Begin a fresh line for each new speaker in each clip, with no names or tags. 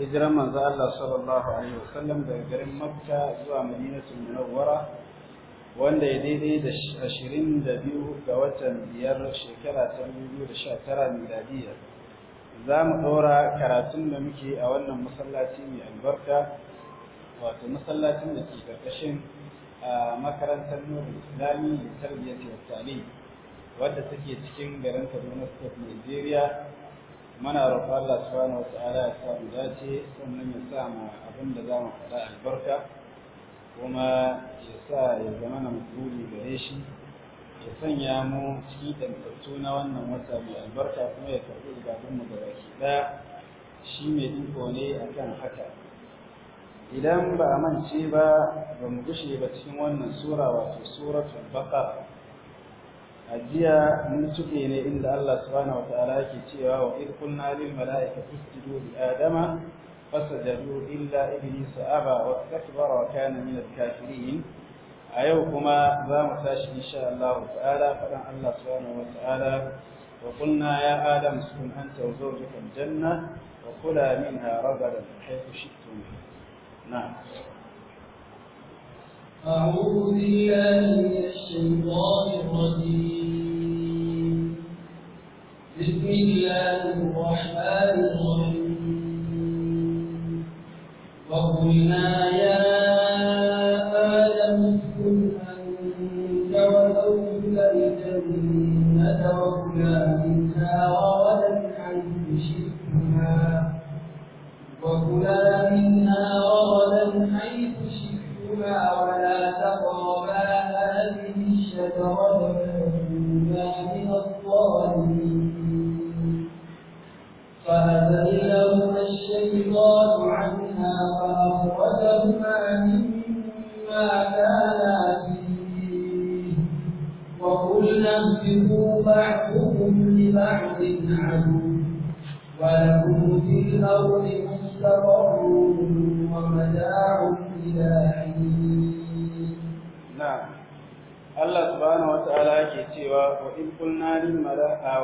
hijiran manzo Allah sallallahu alaihi wasallam daga garin Makka zuwa Madinatul Munawwara wanda ya daidai da 22 ga watan biyar shekara ta 2019 miladiya za mu ɗora karatun da muke a wannan masallaci mai albarka wato masallacin da ke karkashin a makarantar nurul islami da tarbiyyar wadda take cikin garin kaduna state nigeria muna roƙon Allah subhanahu wata'ala ya sa dace sannan ya sa mu abin da za mu faɗa albarka kuma ya sa ya zama na mutsuri gare shi ya sanya mu cikin ɗantattu na wannan wata mai albarka kuma ya karɓi gabanmu da baki ɗaya shi mai iko ne akan haka idan ba a mance ba ba mu gushe ba cikin wannan sura wato suratul baqara ajiya mun suke ne inda Allah subhanahu wataala yake cewa wa id qulna lil mala'ikati isjudu li adama fasajadu illa iblis aba wa istakbara wa kana min al-kafirin a yau kuma za mu tashi insha Allah ta'ala fadan Allah subhanahu wataala wa qulna ya adam uskun anta wa zawjuka al-janna wa kula minha ragadan haythu shi'tum
na'am أعوذ بالله من الشيطان الرجيم بسم الله الرحمن الرحيم وقلنا يا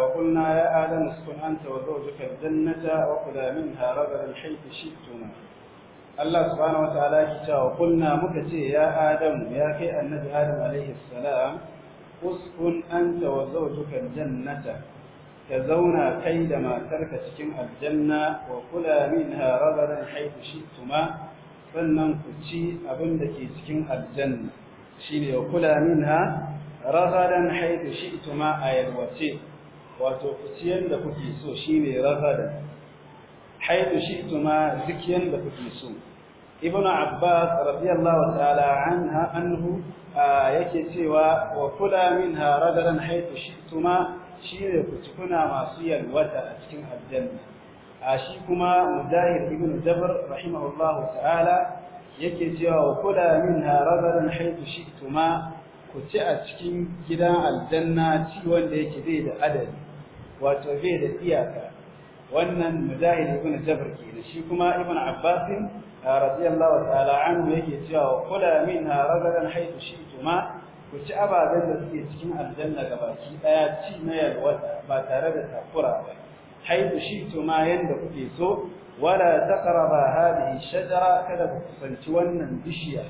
وقلنا يا آدم اسكن أنت وزوجك الجنة وكلا منها رغدا حيث شئتما الله سبحانه وتعالى كتا وقلنا مكتي يا آدم يا كي النبي آدم عليه السلام اسكن أنت وزوجك الجنة كزونا كيد ما ترك سكن الجنة وكلا منها رغدا حيث شئتما sannan ku ci abin da ke cikin aljanna shine kula minha ragadan haitu shi'tuma ayalwace wato kusiyan da kuke so shine raghada haythu shi'tuma duk yanda kuke so ibnu abbas radiyallahu ta'ala anha anhu yake cewa wa kula minha ragadan haythu shi'tuma shine ku ci masu yalwata a cikin aljanna a shi kuma mujahid ibn jabr rahimahullahu ta'ala yake cewa wa kula minha ragadan haythu shi'tuma ku ci a cikin gidan aljanna ci wanda yake bai da adadi wato bai da iyaka wannan mujahid ibn jabr kenan shi kuma ibn abbas ah, radiyallahu ta'ala anhu yake cewa kula minha ragadan haythu shi'tuma ku ci ababen da suke cikin aljanna gabaki daya ci na yalwa ba tare da takura ba haythu shi'tuma yanda kuke so wala taqraba hadhihi shajara kada ku kusanci wannan bishiya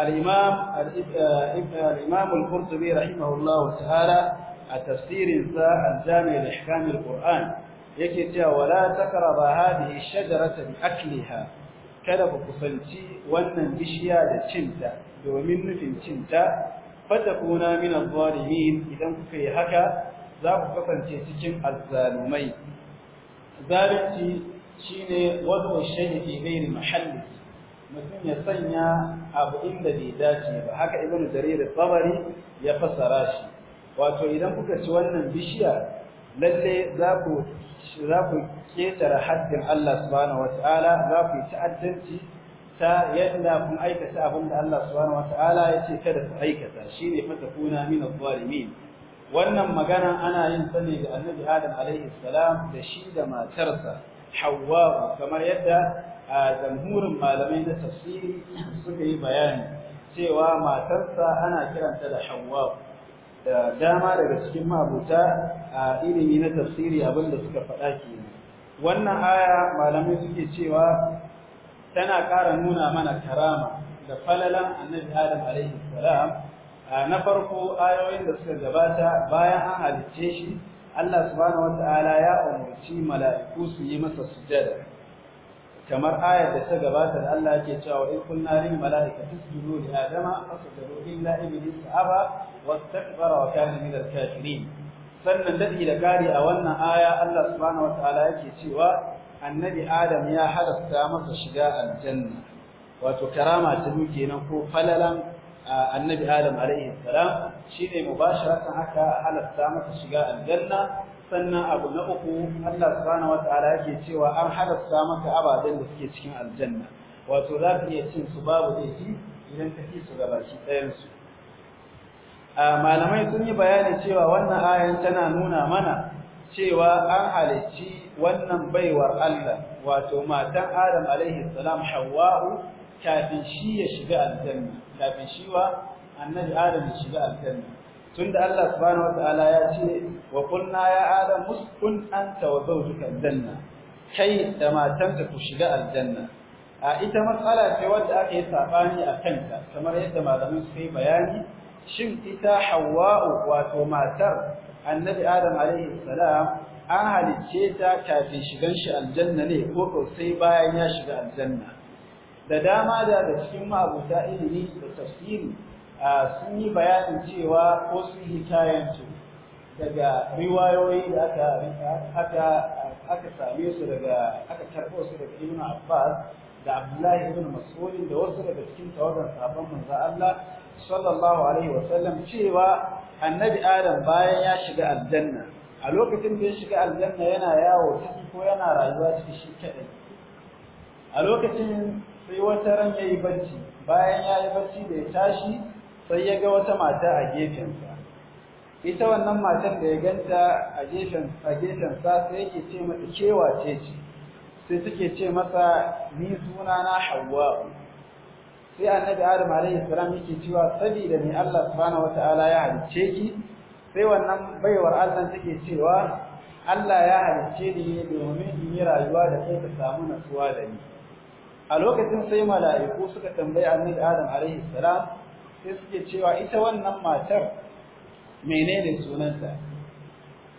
al-imam eh, eh, al-imam al-qurtubi rahimahullahu ta'ala a tafsirin sa da jami al yake cewa wala takraba hadhihi shajarata bi akliha kada ku kusanci wannan bishiya da cinta domin nufin cinta fatakuna min mina dhalimin idan ku kai haka za ku kasance cikin azzalumai zalunci shine wadu shay'i fi ghairi mahalli mutum ya sanya abu inda bai dace ba haka ibnu jarir al-tabari ya fassara shi wato idan kuka ci wannan bishiya lalle za ku za ku ketara haddin Allah subhanahu wataala za ku ta'addanci ta yadda kun aikata abin da Allah subhanahu wataala ya ce kada ku aikata shine kuna min adh wannan magana ana yin ta ne ga Annabi Adam alaihi salam da shi da matarsa Hawwa kamar yadda jamhurin malamai na tafsiri suka yi bayani cewa matarsa ana kiranta da Hawwa dama daga cikin mabuta a ilimi na tafsiri abinda suka faɗa kenan wannan aya malamai suke cewa tana ƙara nuna mana karama da falalan annabi Adam alaihi salam na farko ayoyin da suka gabata bayan an halicce shi Allah subhanahu wataala ya umurci mala'iku su yi masa
sujada
kamar ayar da ta gabata da Allah yake cewa in kunna lil malaikati isjudu li adama fasjudu illa iblis aba wastakbara wa kana min al kafirin sannan dadi da kari a wannan aya Allah subhanahu wataala yake cewa annabi adam ya halasta masa shiga aljanna wato karama ta duke nan ko falalan annabi adam alaihi salam shine mubasharatan aka halatta masa shiga aljanna sannan abu na uku Allah subhanahu wataala yake cewa an halatta maka ababen da suke cikin aljanna wato za ka iya cin su babu laifi idan ka ci su gabaki ɗayan malamai sun yi bayani cewa wannan ayan tana nuna mana cewa an halicci wannan baiwar Allah wato matan Adam alaihi salam Hawwa'u kafin shi ya shiga aljanna kafin shi wa annabi adam ya shiga aljanna tunda Allah subhanahu wataala ya ce wa qulna ya adam muskun anta wa zawjuka aljanna kai da matanka ku shiga aljanna a ita matsala ce wadda aka yi sabani a kanta kamar yadda malamin suka yi bayani shin ita hawwa'u wato matar annabi adam alaihi salam an halicce ta kafin shigan shi aljanna ne ko sai bayan ya shiga aljanna da dama da da cikin ma'abuta ilimi da tafsiri sun yi bayanin cewa ko sun hikayantu daga riwayoyi da aka aka aka same su daga aka karɓo su daga Ibn Abbas da Abdullahi ibn Mas'ud da wasu daga cikin tawagan sahabban manzo Allah sallallahu alaihi wa sallam cewa annabi Adam bayan ya shiga aljanna a lokacin da ya shiga aljanna yana yawo ciki ko yana rayuwa ciki shi kadai a lokacin sai wata ran yayi bacci bayan yayi bacci da ya tashi sai ya ga wata mata a gefensa ita wannan matan da ya ganta a gefen sa sai yake ce mata kewa ce ce sai suke ce masa ni suna na Hawwa sai annabi Adam alaihi salam yake cewa saboda ni Allah subhanahu wataala ya halicce ki sai wannan baiwar Allah take cewa Allah ya halicce ni domin in yi rayuwa da kai ka samu natsuwa da ni a lokacin sai mala'iku suka tambayi annabi Adam alaihi salam sai suke cewa ita wannan matar menene sunanta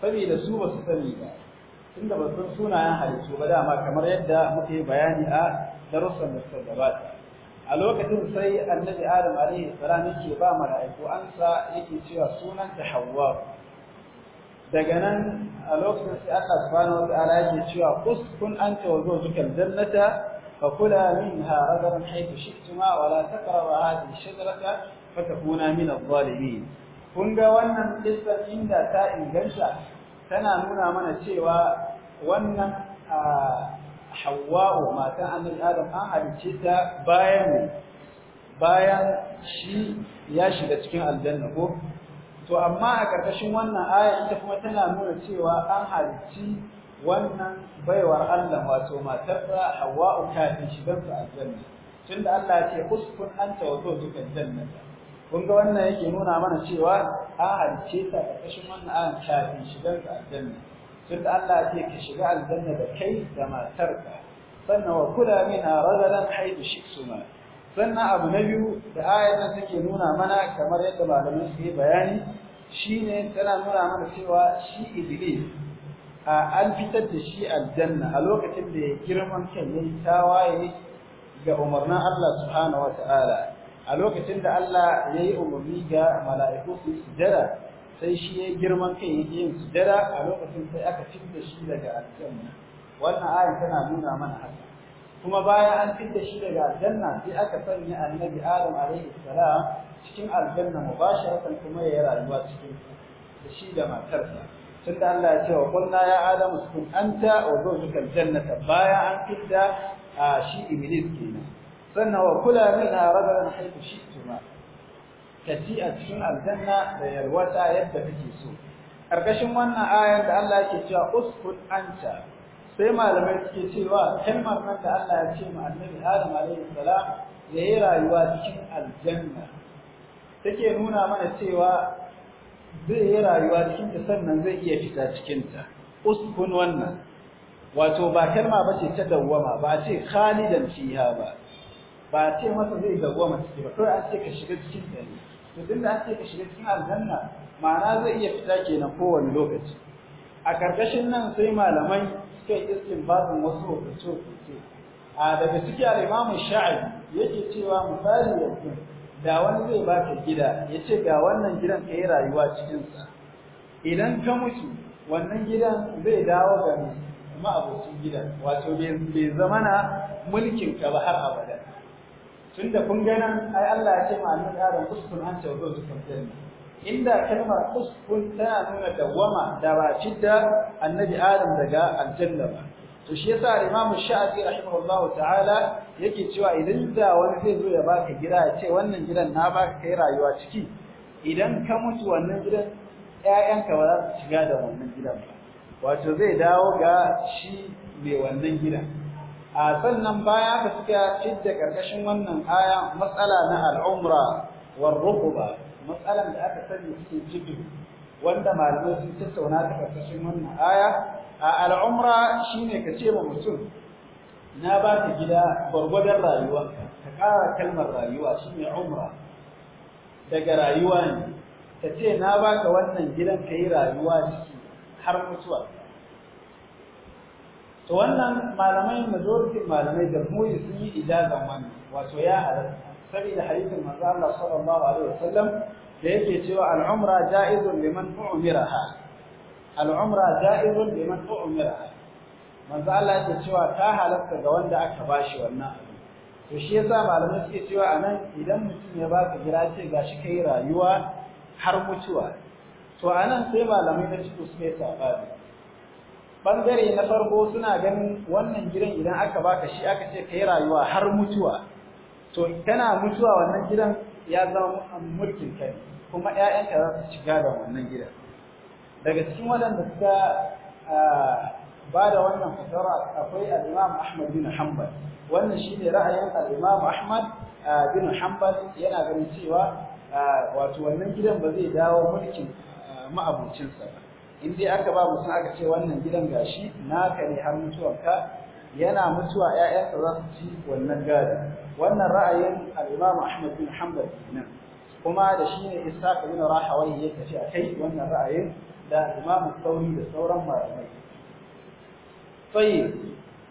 saboda su ba su sani ba tunda ba san sunayen halittu ba dama kamar yadda muke bayani a darussan da suka gabata a lokacin sai annabi adam alaihi salam yake ba mala'iku ansa yake cewa sunanta hawwa daga nan
a lokacin sai Allah subhanahu wa ta'ala
yake cewa kuskun anta wa zawjuka aljannata فكلا منها رغدا حيث شئتما ولا تقربا هذه الشجرة فتكونا من الظالمين kun ga wannan kissar inda ta inganta tana nuna mana cewa wannan Hauwa'u matan Annabi Adam an halice ta bayan bayan shi ya shiga cikin aljanna ko to amma a ƙarƙashin wannan aya ita kuma tana nuna cewa an halici wannan baiwar Allah wato matar da Hawwa'u kafin dan su aljanna tunda Allah ya ce uskun anta wa zawjuka aljannata kun ga wannan yake nuna mana cewa a halice ta kashin wannan ayan kafin shigan su aljanna tunda Allah ya ce ka shiga aljanna da kai da matarka sannan wa kula minha radalan haythu shiksuma sannan abu na biyu da ayar nan take nuna mana kamar yadda malamin su yi bayani shine tana nuna mana cewa shi iblis an fitar da shi aljanna a lokacin da ya girman kan yayi tawaye ga umarnin Allah subhanahu wataala a lokacin da Allah yayi umarni ga mala'iku su sujada sai shi ya girman kai yayi yin sujada a lokacin sai aka fitar da shi daga aljanna wannan ayi tana nuna mana haka kuma bayan an fitar da shi daga aljanna sai aka sanya annabi Adam alaihi salam cikin aljanna mubasharatan kuma ya rayuwa cikin shi da matarsa tunda Allah ya ce wa qulna ya adamu kun anta wa zawjuka aljannata baya an kidda shi iblis kenan sannan wa kula minha ragadan haythu shi'tuma kati a cikin aljanna da yalwata yadda kake so karkashin wannan ayar da Allah yake cewa uskun anta sai malamai suke cewa kalmar nan da Allah ya ce ma annabi Adam alaihi salam yayi rayuwa cikin aljanna take nuna mana cewa zai yi rayuwa cikin ta sannan zai iya fita cikin ta uskun wannan wato ba kalma bace ta dawwama ba ce khalidan fiha ba ba ce masa zai dawwama ciki ba kawai an ce ka shiga cikin ta ne to tunda an ce ka shiga cikin aljanna ma'ana zai iya fita kenan kowane lokaci a karkashin nan sai malamai suka yi istinbatin wasu hukunce hukunce a daga ciki al-imamu sha'ib yake cewa misali yanzu da wani zai baka gida ya ce ga wannan gidan ka yi rayuwa cikinsa idan ka mutu wannan gidan zai dawo ga mai abokin gidan wato bai zama na mulkin ka ba har abada tunda kun gana ai Allah ya ce ma annabi Adam an anta zo zawjuka janna inda kalmar kuskun tana nuna dawama da ba fidda annabi Adam daga aljanna ba to shi yasa Imam Shafi rahimahullahu ta'ala yake cewa idan da wani zai zo ya baka gida ya ce wannan gidan na baka kai rayuwa ciki idan ka mutu wannan gidan ƴaƴanka ba za su shiga da wannan gidan ba wato zai dawo ga shi mai wannan gidan a sannan baya ka suka cidda karkashin wannan aya matsala na al'umra war rukuba matsalan da aka sani cikin jiddu wanda malamai sun tattauna ta karkashin wannan aya a al'umra shine ka ce ma mutum na ba ka gida gwargwadon rayuwarka ka ƙara kalmar rayuwa shine umra daga rayuwa ne ka ce na ba ka wannan gidan ka yi rayuwa ciki har mutuwa Ta wannan malamai majority malamai da muyi sun yi ijazan wani wato ya halatta saboda hadisin manzo Allah sallallahu alaihi wasallam da yake cewa al'umra ja'izun liman ha al'umra da'irun liman umira manzo Allah ta cewa ta halatta ga wanda aka bashi wannan abu to shi yasa malamai suke cewa anan idan mutum ya baka gira ce gashi kai rayuwa har mutuwa to anan sai malamai da cikin suke sabani bangare na farko suna ganin wannan gidan idan aka baka shi aka ce kai rayuwa har mutuwa to kana mutuwa wannan gidan ya zama mulkin kai kuma ƴaƴanka za su shiga da wannan gidan daga cikin waɗanda suka ah, ba da wannan fatara akwai al’imam Ahmad bin Hanbal wannan shi ne ra'ayin al’imam Ahmad ah, bin Hanbal yana ganin cewa ah, wato wannan gidan ba zai dawo mulkin ma'abucinsa in dai aka ba mutum aka ce wannan gidan gashi naka ne har mutuwanka yana mutuwa 'ya'yansa za su ci wannan gadi wannan ra'ayin al’imam Ahmad bin Hanbal ne kuma da shi ne na raha rahawai ya tafi a kai wannan ra'ayin da imamu sauri da sauran malamai sai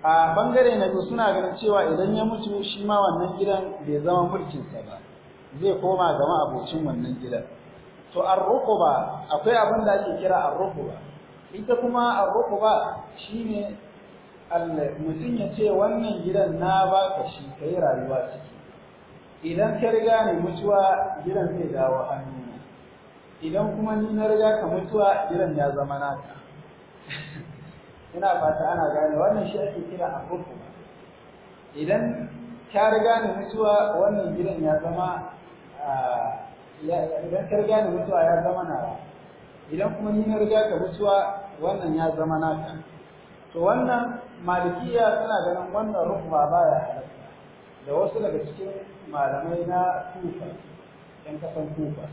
a bangare na biyu suna ganin cewa idan ya mutu shi ma wannan gidan bai zama mulkinsa ba zai koma gama abocin wannan gidan to ba, akwai abin da ake kira ba. ita kuma shi shine mutum ya ce wannan gidan na ba ka shi ka yi rayuwa ciki idan ka riga ne mutuwa jiran zai dawo hannu idan kuma ni na riga ka mutuwa jiran ya zama naka ina fata ana gane wannan shi ake kira a idan ka riga ne mutuwa wannan gidan ya zama idan ka riga ne mutuwa ya zama nawa idan kuma ni na riga ka mutuwa wannan ya zama naka to wannan malikiya suna ganin wannan ba baya halatta da wasu daga cikin malamai na kufa yan kasan kufa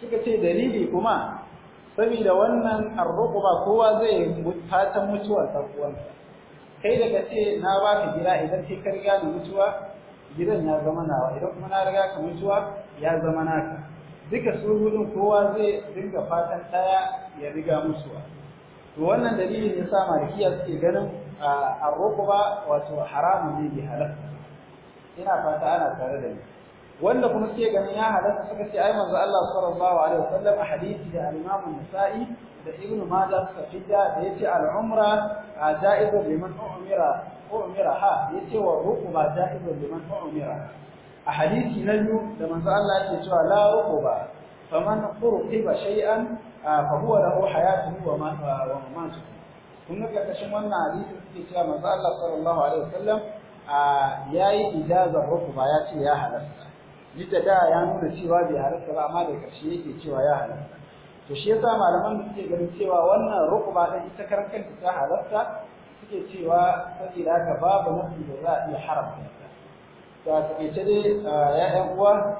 suka ce dalili kuma saboda wannan ba kowa zai fatan mutuwar ta kai daga ce na ba ka gida idan kai ka riga da mutuwa gidan ya zama nawa idan kuma na riga ka mutuwa ya zama naka duka su gudun kowa zai dinga fatan ɗaya ya riga mutuwa to wannan dalilin sa malikiya suke ganin ba wato haramun ne bi halatta ina fata ana tare da ni wanda kuma suke ganin ya halatta suka ce ai manzo Allah sallallahu alaihi wasallam a hadisi da al-Imam Nasa'i da Ibn Majah suka fidda da yace al-umra ja'izu liman umira umira ha yace wa rukuba ja'izu liman umira a hadisi na biyu da manzo Allah yake cewa la rukuba faman urqiba shay'an fa huwa lahu hayatun wa ma wa mamatu kun ga kashin wannan hadisi suke cewa manzo Allah sallallahu alaihi wasallam ya yi ijazar rukuba ya ce ya halatta duk da da ya nuna cewa bai halatta ba amma da ƙarshe yake cewa ya halatta to shi yasa malaman da suke ganin cewa wannan rukuba ɗin ita karkanta ta halatta suke cewa saboda haka babu nafi da za a iya haramta ta a taƙaice dai ya'yan uwa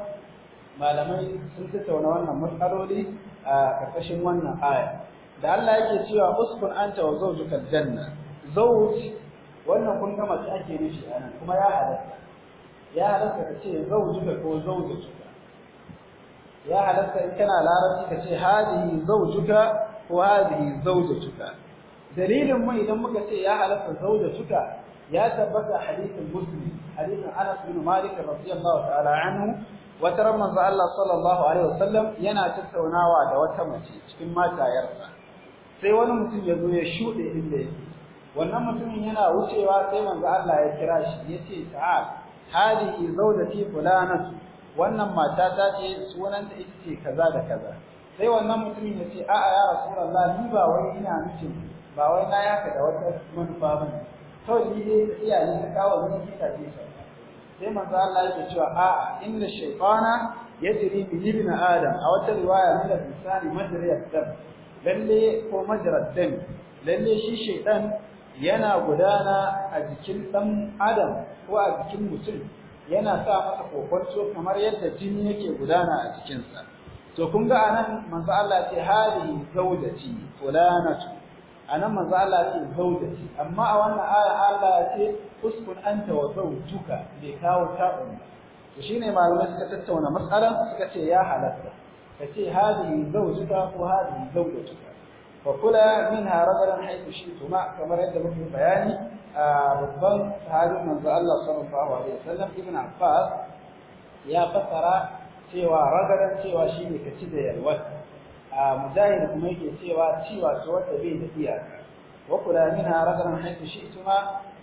malamai sun tattauna wannan matsaloli a ƙarƙashin wannan aya da Allah yake cewa uskun anta wa zawjuka janna zawj wannan kun ga mace ake nishi a nan kuma ya halatta ya halatta ka ce zaujuka ko zaujatuka ya halatta in kana larabci ka ce hadihi zaujuka ko hadihi zaujatuka dalilin mu idan muka ce ya halatta zaujatuka ya tabbata hadisin muslim hadisin Anas bin Malik radiyallahu ta'ala anhu wata ramman za Allah sallallahu alaihi wasallam yana tattaunawa da wata mace cikin matayarsa sai wani mutum ya zo ya shuɗe inda yake wannan mutumin yana wucewa sai manzo Allah ya kira shi yace ta'al hadihi zawjati fulanatu wannan mata ta ce sunanta ita ce kaza da kaza sai wannan mutumin yace a'a ya rasulullah ni ba wai ina mutum ba wai na yaka da wata manufa bane kawai ni dai tafiya ne kawo mun kita ce sai manzo Allah yake cewa a, inna shaytana yajri bi ibn adam a wata riwaya min al-insani majra dam lalle ko majra dam lalle shi shaytan yana gudana a jikin ɗan adam ko a jikin mutum yana sa masa kokonto kamar yadda jini yake gudana a jikinsa to kun ga anan manzo Allah ce hali zaujati fulanatu anan manzo Allah ce zaujati amma a wannan aya Allah ya ce uskun anta wa zaujuka bai kawo ta'un to shine malamai suka tattauna mas'alan suka ce ya halatta kace hali zaujuka ko hali zaujatuka فكلا منها رغدا حيث شئتما كما يد مكي بياني ربان صحابي من الله صلى الله عليه وسلم ابن عباس يا فسر cewa ragaran cewa shi ne ka ci da yalwar a mujahid kuma yake cewa cewa su wanda bai da iyaka wa kula minha ragaran haythu shi'tuma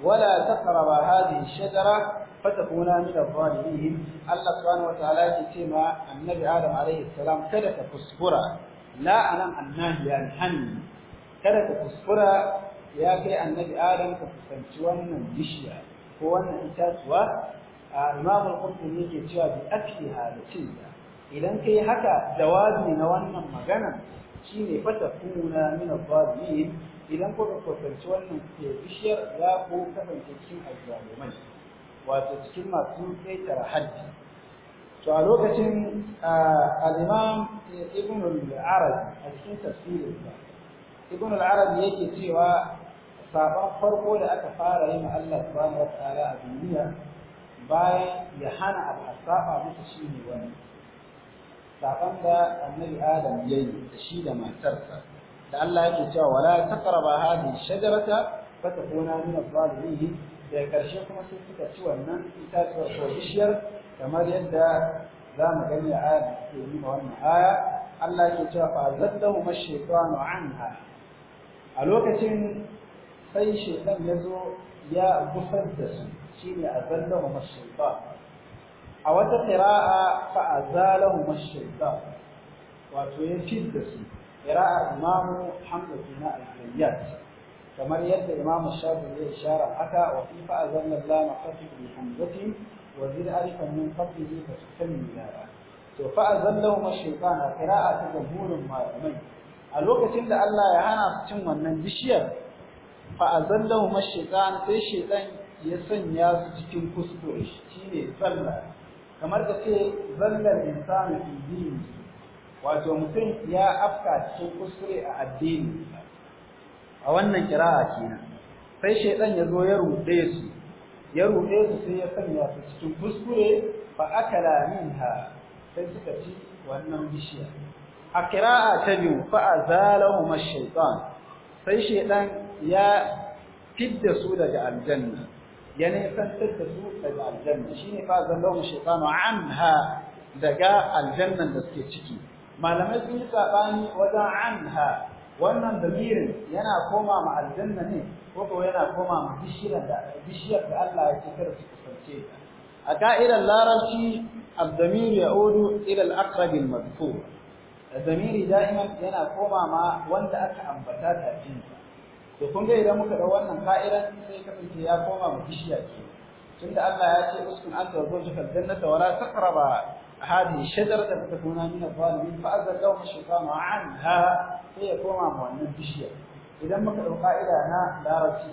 wala taqraba hadhihi shajara fatakuna min adh-dhalimin Allah subhanahu ce ma annabi Adam salam kada ta kuskura la anan annahi ya hani kada ka kuskura ya kai annabi adam ka kusanci wannan bishiya ko wannan itatuwa a imamu al-qurtubi yake cewa bi akhiha da cinta idan kai haka jawabi na wannan magana shine fatakuna min al-zalimin idan kuka kusanci wannan bishiyar za ku kasance cikin azzalumai wato cikin masu ƙetare haddi to a lokacin al ibn al a cikin tafsirinsa ibn al-arab yake cewa sabon farko da aka fara yi Allah subhanahu wa ta'ala a duniya bayan ya hana abu a musu shi ne wani Sabon da annabi adam ya yi da shi da matarsa da Allah yake cewa wala taqraba hadhihi shajarata fatakuna min nuna dhalimin da karshe kuma sai suka ci wannan itatuwar ko bishiyar kamar yadda za mu gani a ayar da suke nuna wannan aya Allah ke cewa fa zaddahu mashaytanu anha a lokacin sai shaytan ya zo ya gusar da su shine azallahu mashaytan a wata qira'a fa azalahu mashaytan wato ya fid da su qira'a imamu hamdu bin al-zayyat kamar yadda imamu shafi'i ya ishara haka wa fi fa azallahu mashaytan bi hamdati وزيد ألفا من قبله فاستمي to fa azallahu mashaytan qira'atu jumhurin malamai a lokacin da Allah ya hana su cin wannan bishiyar fa azallahu mashaytan sai shaytan ya sanya su cikin kuskure shine zalla kamar ka ce zallar insani fi dini wato mutum ya afka cikin kuskure a addini a wannan qira'a kenan sai shaytan ya zo ya rude su ya ruɗe su sai ya sanya su cikin kuskure fa akala ha, sai suka ci wannan bishiya a kira'a ta biyu fa azalahum ash-shaytan sai shaytan ya fidda su daga aljanna ya nisantar da su daga aljanna shine fa azalahum ash-shaytan ha daga aljannan da suke ciki malamai sun yi sabani wajen anha wannan damirin yana koma ma aljanna ne ko yana koma ma bishiyar da bishiyar da Allah ya ce kada su kusance a ka'idar larabci الضمير يعود إلى الأقرب المذكور الضمير دائما yana koma ma wanda aka ambata ta jin to kun ga idan muka da wannan ka'ida sai kasance ya koma mu bishiya ce tunda Allah ya ce uskun anta zawjuka aljannata wala taqraba hadhihi shajarata fatakuna min adh-dhalimin fa azallahuma ash-shaytanu 'anha sai ya koma ma wannan bishiya idan muka ɗau ƙa'ida na larabci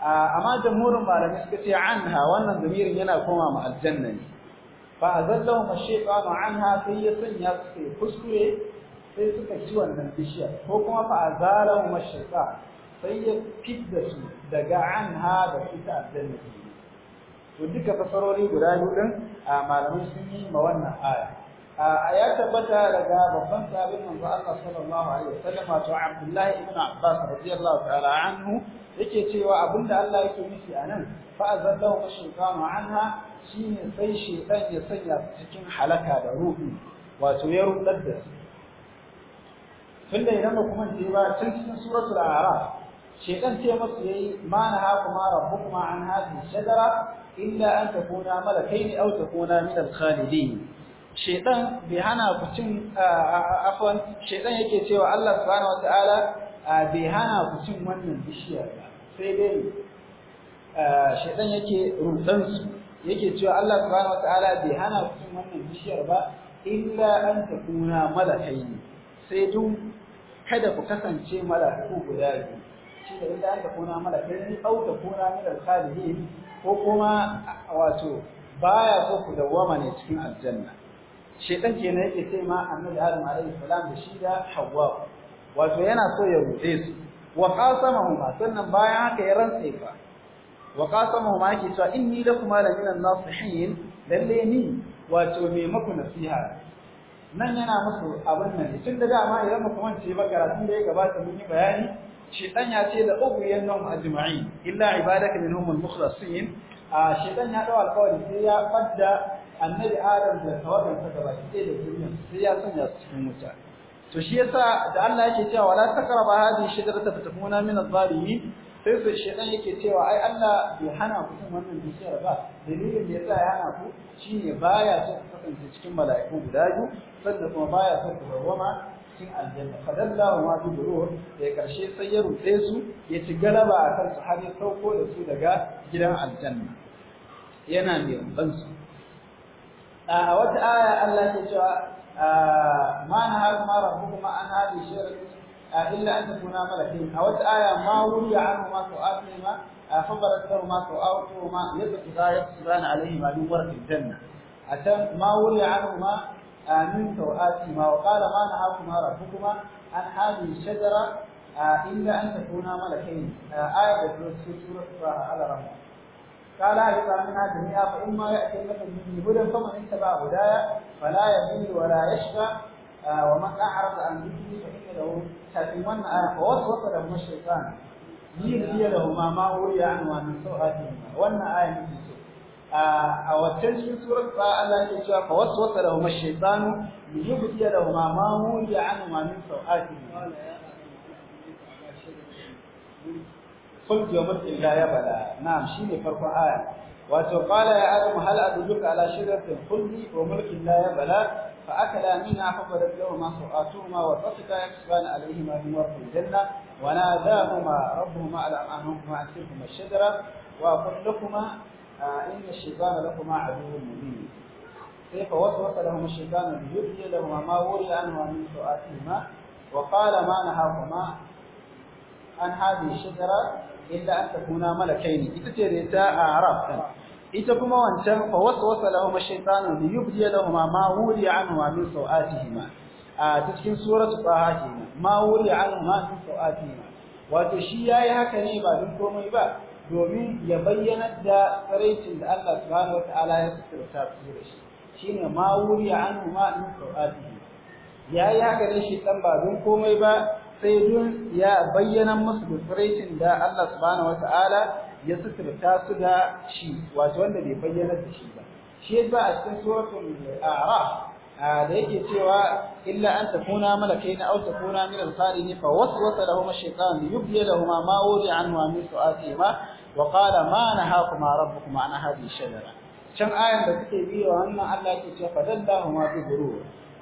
amma jamhurin malamai suka ce anha wannan zamirin yana koma ma aljanna ne fa azallahu ash-shaytanu anha sai ya sanya su sai kuskure sai suka ci wannan bishiya. ko kuma fa azalahu ash-shaytan sai ya fidda su daga anha da ita aljanna to duka fasarori guda hudun a malamai sun yi ma wannan aya a ya tabbata daga babban sahabin manzo Allah sallallahu alaihi wasallam to Abdullah ibn Abbas radiyallahu ta'ala anhu yake cewa abinda Allah yake nufi anan fa azallahu ash-shaytanu anha shine sai shaytan ya sanya su cikin halaka da ruhu wato ya rudar da su tunda idan ba kuma ce ba tun cikin suratul a'raf shaytan ce masu yayi ma kuma rabbukuma an hadhihi shajara illa an takuna malakaini aw takuna min al-khalidin shedan bai hana ku cin afwan shedan yake cewa Allah subhanahu wataala bai hana ku cin wannan bishiyar ba sai dai shedan yake rutsan su yake cewa Allah subhanahu wataala bai hana ku cin wannan bishiyar ba illa an takuna malakai sai dun kada ku kasance malaku guda biyu shi da illa an takuna malakai au takuna min al-khalihin ko kuma wato baya so ku dawwama ne cikin aljanna shedan kenan yake sai ma annabi Adam alaihi salam da shi da Hawwa wato yana so ya rude su wa qasamahuma sannan bayan haka ya rantsa fa wa qasamahuma yake cewa inni lakum la minan nasihin lalle ni wato me maku nasiha nan yana musu abin nan tun da dama idan muka mance ba karatun da ya gabata mun yi bayani shedan ya ce da ubu yannum ajma'in illa ibadaka minhum al-mukhlasin shedan ya dawo alƙawari sai ya fadda annabi adam da tawagansa gaba ɗaya da duniya sai ya sanya su cikin wuta to shi yasa da Allah yake cewa la taqrabu hadhihi shajarata fatakuna min adh-dhalimin sai sai shedan yake cewa ai Allah bai hana ku cin wannan bishiyar ba dalilin da yasa ya hana ku shine baya so ku kasance cikin mala'iku guda biyu sannan kuma baya so ku dawwama cikin aljanna fadallahu ma bi duru sai karshe sai ya rutse su ya ci galaba akan su har ya sauko da su daga gidan aljanna yana mai rubansu
a wata aya Allah
ke cewa ma nahakuma rabbukuma an hadhihi shirki illa an takuna malakin a wata aya ma wuriya anhu ma su'atihima فضلت لهما سوءاتهما يبقى يقصدان عليهما من ورق الجنه عشان ما ولي عنهما آه، من سوءاتهما وقال ما نهاكما ربكما عن هذه الشجرة آه، إلا أن تكونا ملكين آه، آية في سورة على رمضان قال أشفى منها جميعا فإما يأتينكم مني هدى فمن اتبع هدايا فلا يضل ولا يشفى ومن أعرض عن ذكري فإن له حكيما ووسوس لهما الشيطان ليبدي لهما ما وري عنه ومن سوءاتهما وأن آية من a waccan cikin surar ba Allah ke cewa fa waswasa lahum ash-shaytanu liyubdi lahum ma wuriya anhu min sawatihim
kullu yawmin illa yabala
na'am shine farko aya wato qala ya adam hal adulluka ala shajaratil khuldi wa mulkin la yabala fa akala minha fa qad lahu ma su'atuhuma wa tasika yaksan alayhima min warqil janna wa nadahuma rabbuhuma ala anhum ma'atuhum ash-shajara wa qul lakum inna ash-shajara lakum aduwwun mubin sai fa waswasa lahum ash-shajara bi yudhi lahum ma wuri anhu min su'atihima wa qala ma nahakuma an hadhihi ash inda an takuna malakaini ita ce da ta arab kan ita kuma wancan fa waswasa lahum ash-shaytanu li yubdi lahum ma wuri anhu wa min sawatihima a cikin suratul taha kenan ma wuri anhu ma min sawatihima wato shi yayi haka ne ba duk komai ba
domin ya bayyana
da tsaraicin da Allah subhanahu ta'ala ya tsirta su shi shine ma wuri anhu ma min sawatihima yayi haka ne shi dan ba duk komai ba sai dun ya bayyana musu dukkan da Allah subhanahu wataala ya suturta su da shi wato wanda bai bayyana da shi ba shi ba a cikin suratul a'raf da yake cewa illa an takuna malakaina aw takuna min al-khalidin fa waswasa lahum ash-shaytan yubdi lahum ma wudi anhu min su'atihima wa qala ma nahakuma rabbukuma an hadhihi shajara can ayan da suke biyo wannan Allah yake cewa fadallahuma bi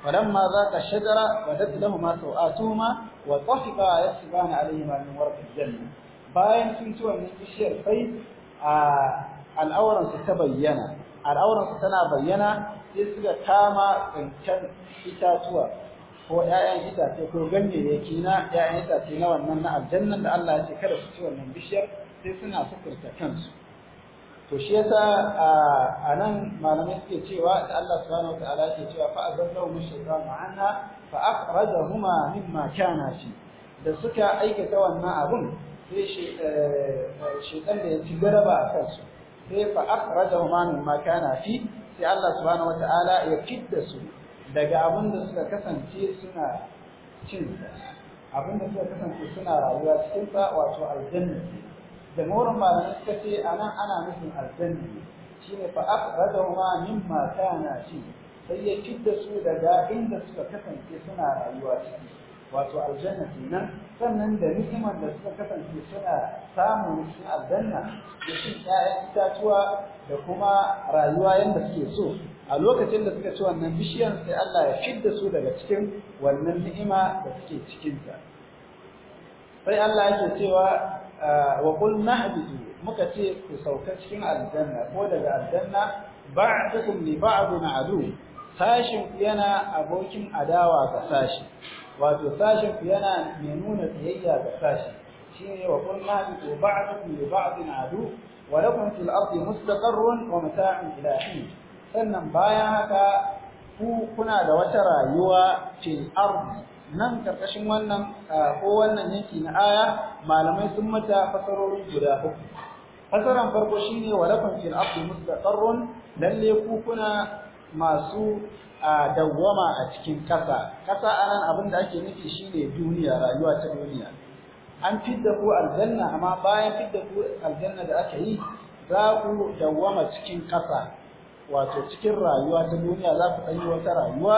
ma فلما ذاق الشجرة بدت لهما سوآتهما وطفقا يكسبان عليهما من ورق الجنة bayan sun ci wannan bishiyar sai al'auransu ta bayyana al'auransu tana bayyana sai suka kama tsinken itatuwa ko ‘ya'yan itace ko ganyayyaki na ‘ya'yan itace na wannan na aljannan da Allah ya ce kada su ci wannan bishiyar sai suna sukurta kansu to shi yasa a nan malamai suke cewa da Allah subhanahu wataala ke cewa fa azallahu mushrikan ma'ana fa akhrajahuma mimma kana fi da suka aikata wannan abun sai shekan eh, eh, da ya ci garaba a kansu sai fa akhrajahuma mimma kana fi sai Allah subhanahu wataala ya fidda su daga abin da suka kasance suna cin da suka kasance suna rayuwa cikin sa wato aljanna jamhurin malamai suka ce a nan ana nufin aljanna shine fa min mata na shi sai ya da su daga inda suka kasance suna rayuwa ciki wato aljanna nan. sannan da ni'imar da suka kasance suna samu shi aljanna da cin 'ya'yan itatuwa da kuma rayuwa yanda suke so a lokacin da suka ci wannan bishiyar sai Allah ya fidda su daga cikin wannan ni'ima da suke cikinta sai Allah yake cewa wa kul mahdi muka ce ku sauka cikin aljanna ko daga aljanna ba'dukum li ba'dun adu sashin yana abokin adawa ga sashi wato sashin yana mai nuna tsayayya ga sashi shine wa mahdi mahbitu ba'dukum li ba'dun adu wa lakum fil ardi mustaqarrun wa mata'un ila hin sannan bayan haka ku kuna da wata rayuwa cikin ardi nan karkashin wannan ko wannan yanki na aya malamai sun mata fasarori guda uku fasaran farko shine walakum fil ardi mustaqarrun lalle ku kuna masu dawwama a cikin kasa kasa anan abin da ake nufi shine duniya rayuwa ta duniya an fidda ku aljanna amma bayan fidda ku aljanna da aka yi za ku dawwama cikin kasa wato cikin rayuwa ta duniya za ku ɗan yi wata rayuwa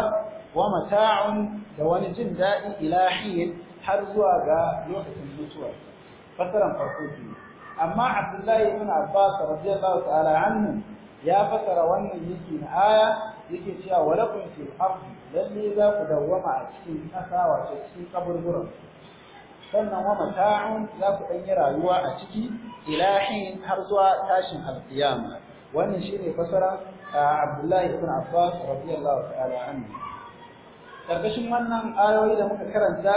wa mata'un da wani jin daɗi ilahiyin har zuwa ga lokacin mutuwa fasaran farko ne amma abdullahi ibn abbas radiyallahu ta'ala anhu ya fasara wannan yake na aya yake cewa walakum fil ardi lalle za ku dawwama a cikin ƙasa wato cikin kaburburan sannan wa mata'un za ku ɗan yi rayuwa a ciki ilahin har zuwa tashin alƙiyama wannan shine a Abdullahi ibn Abbas radiyallahu ta'ala anhu karkashin wannan ayoyi da muka karanta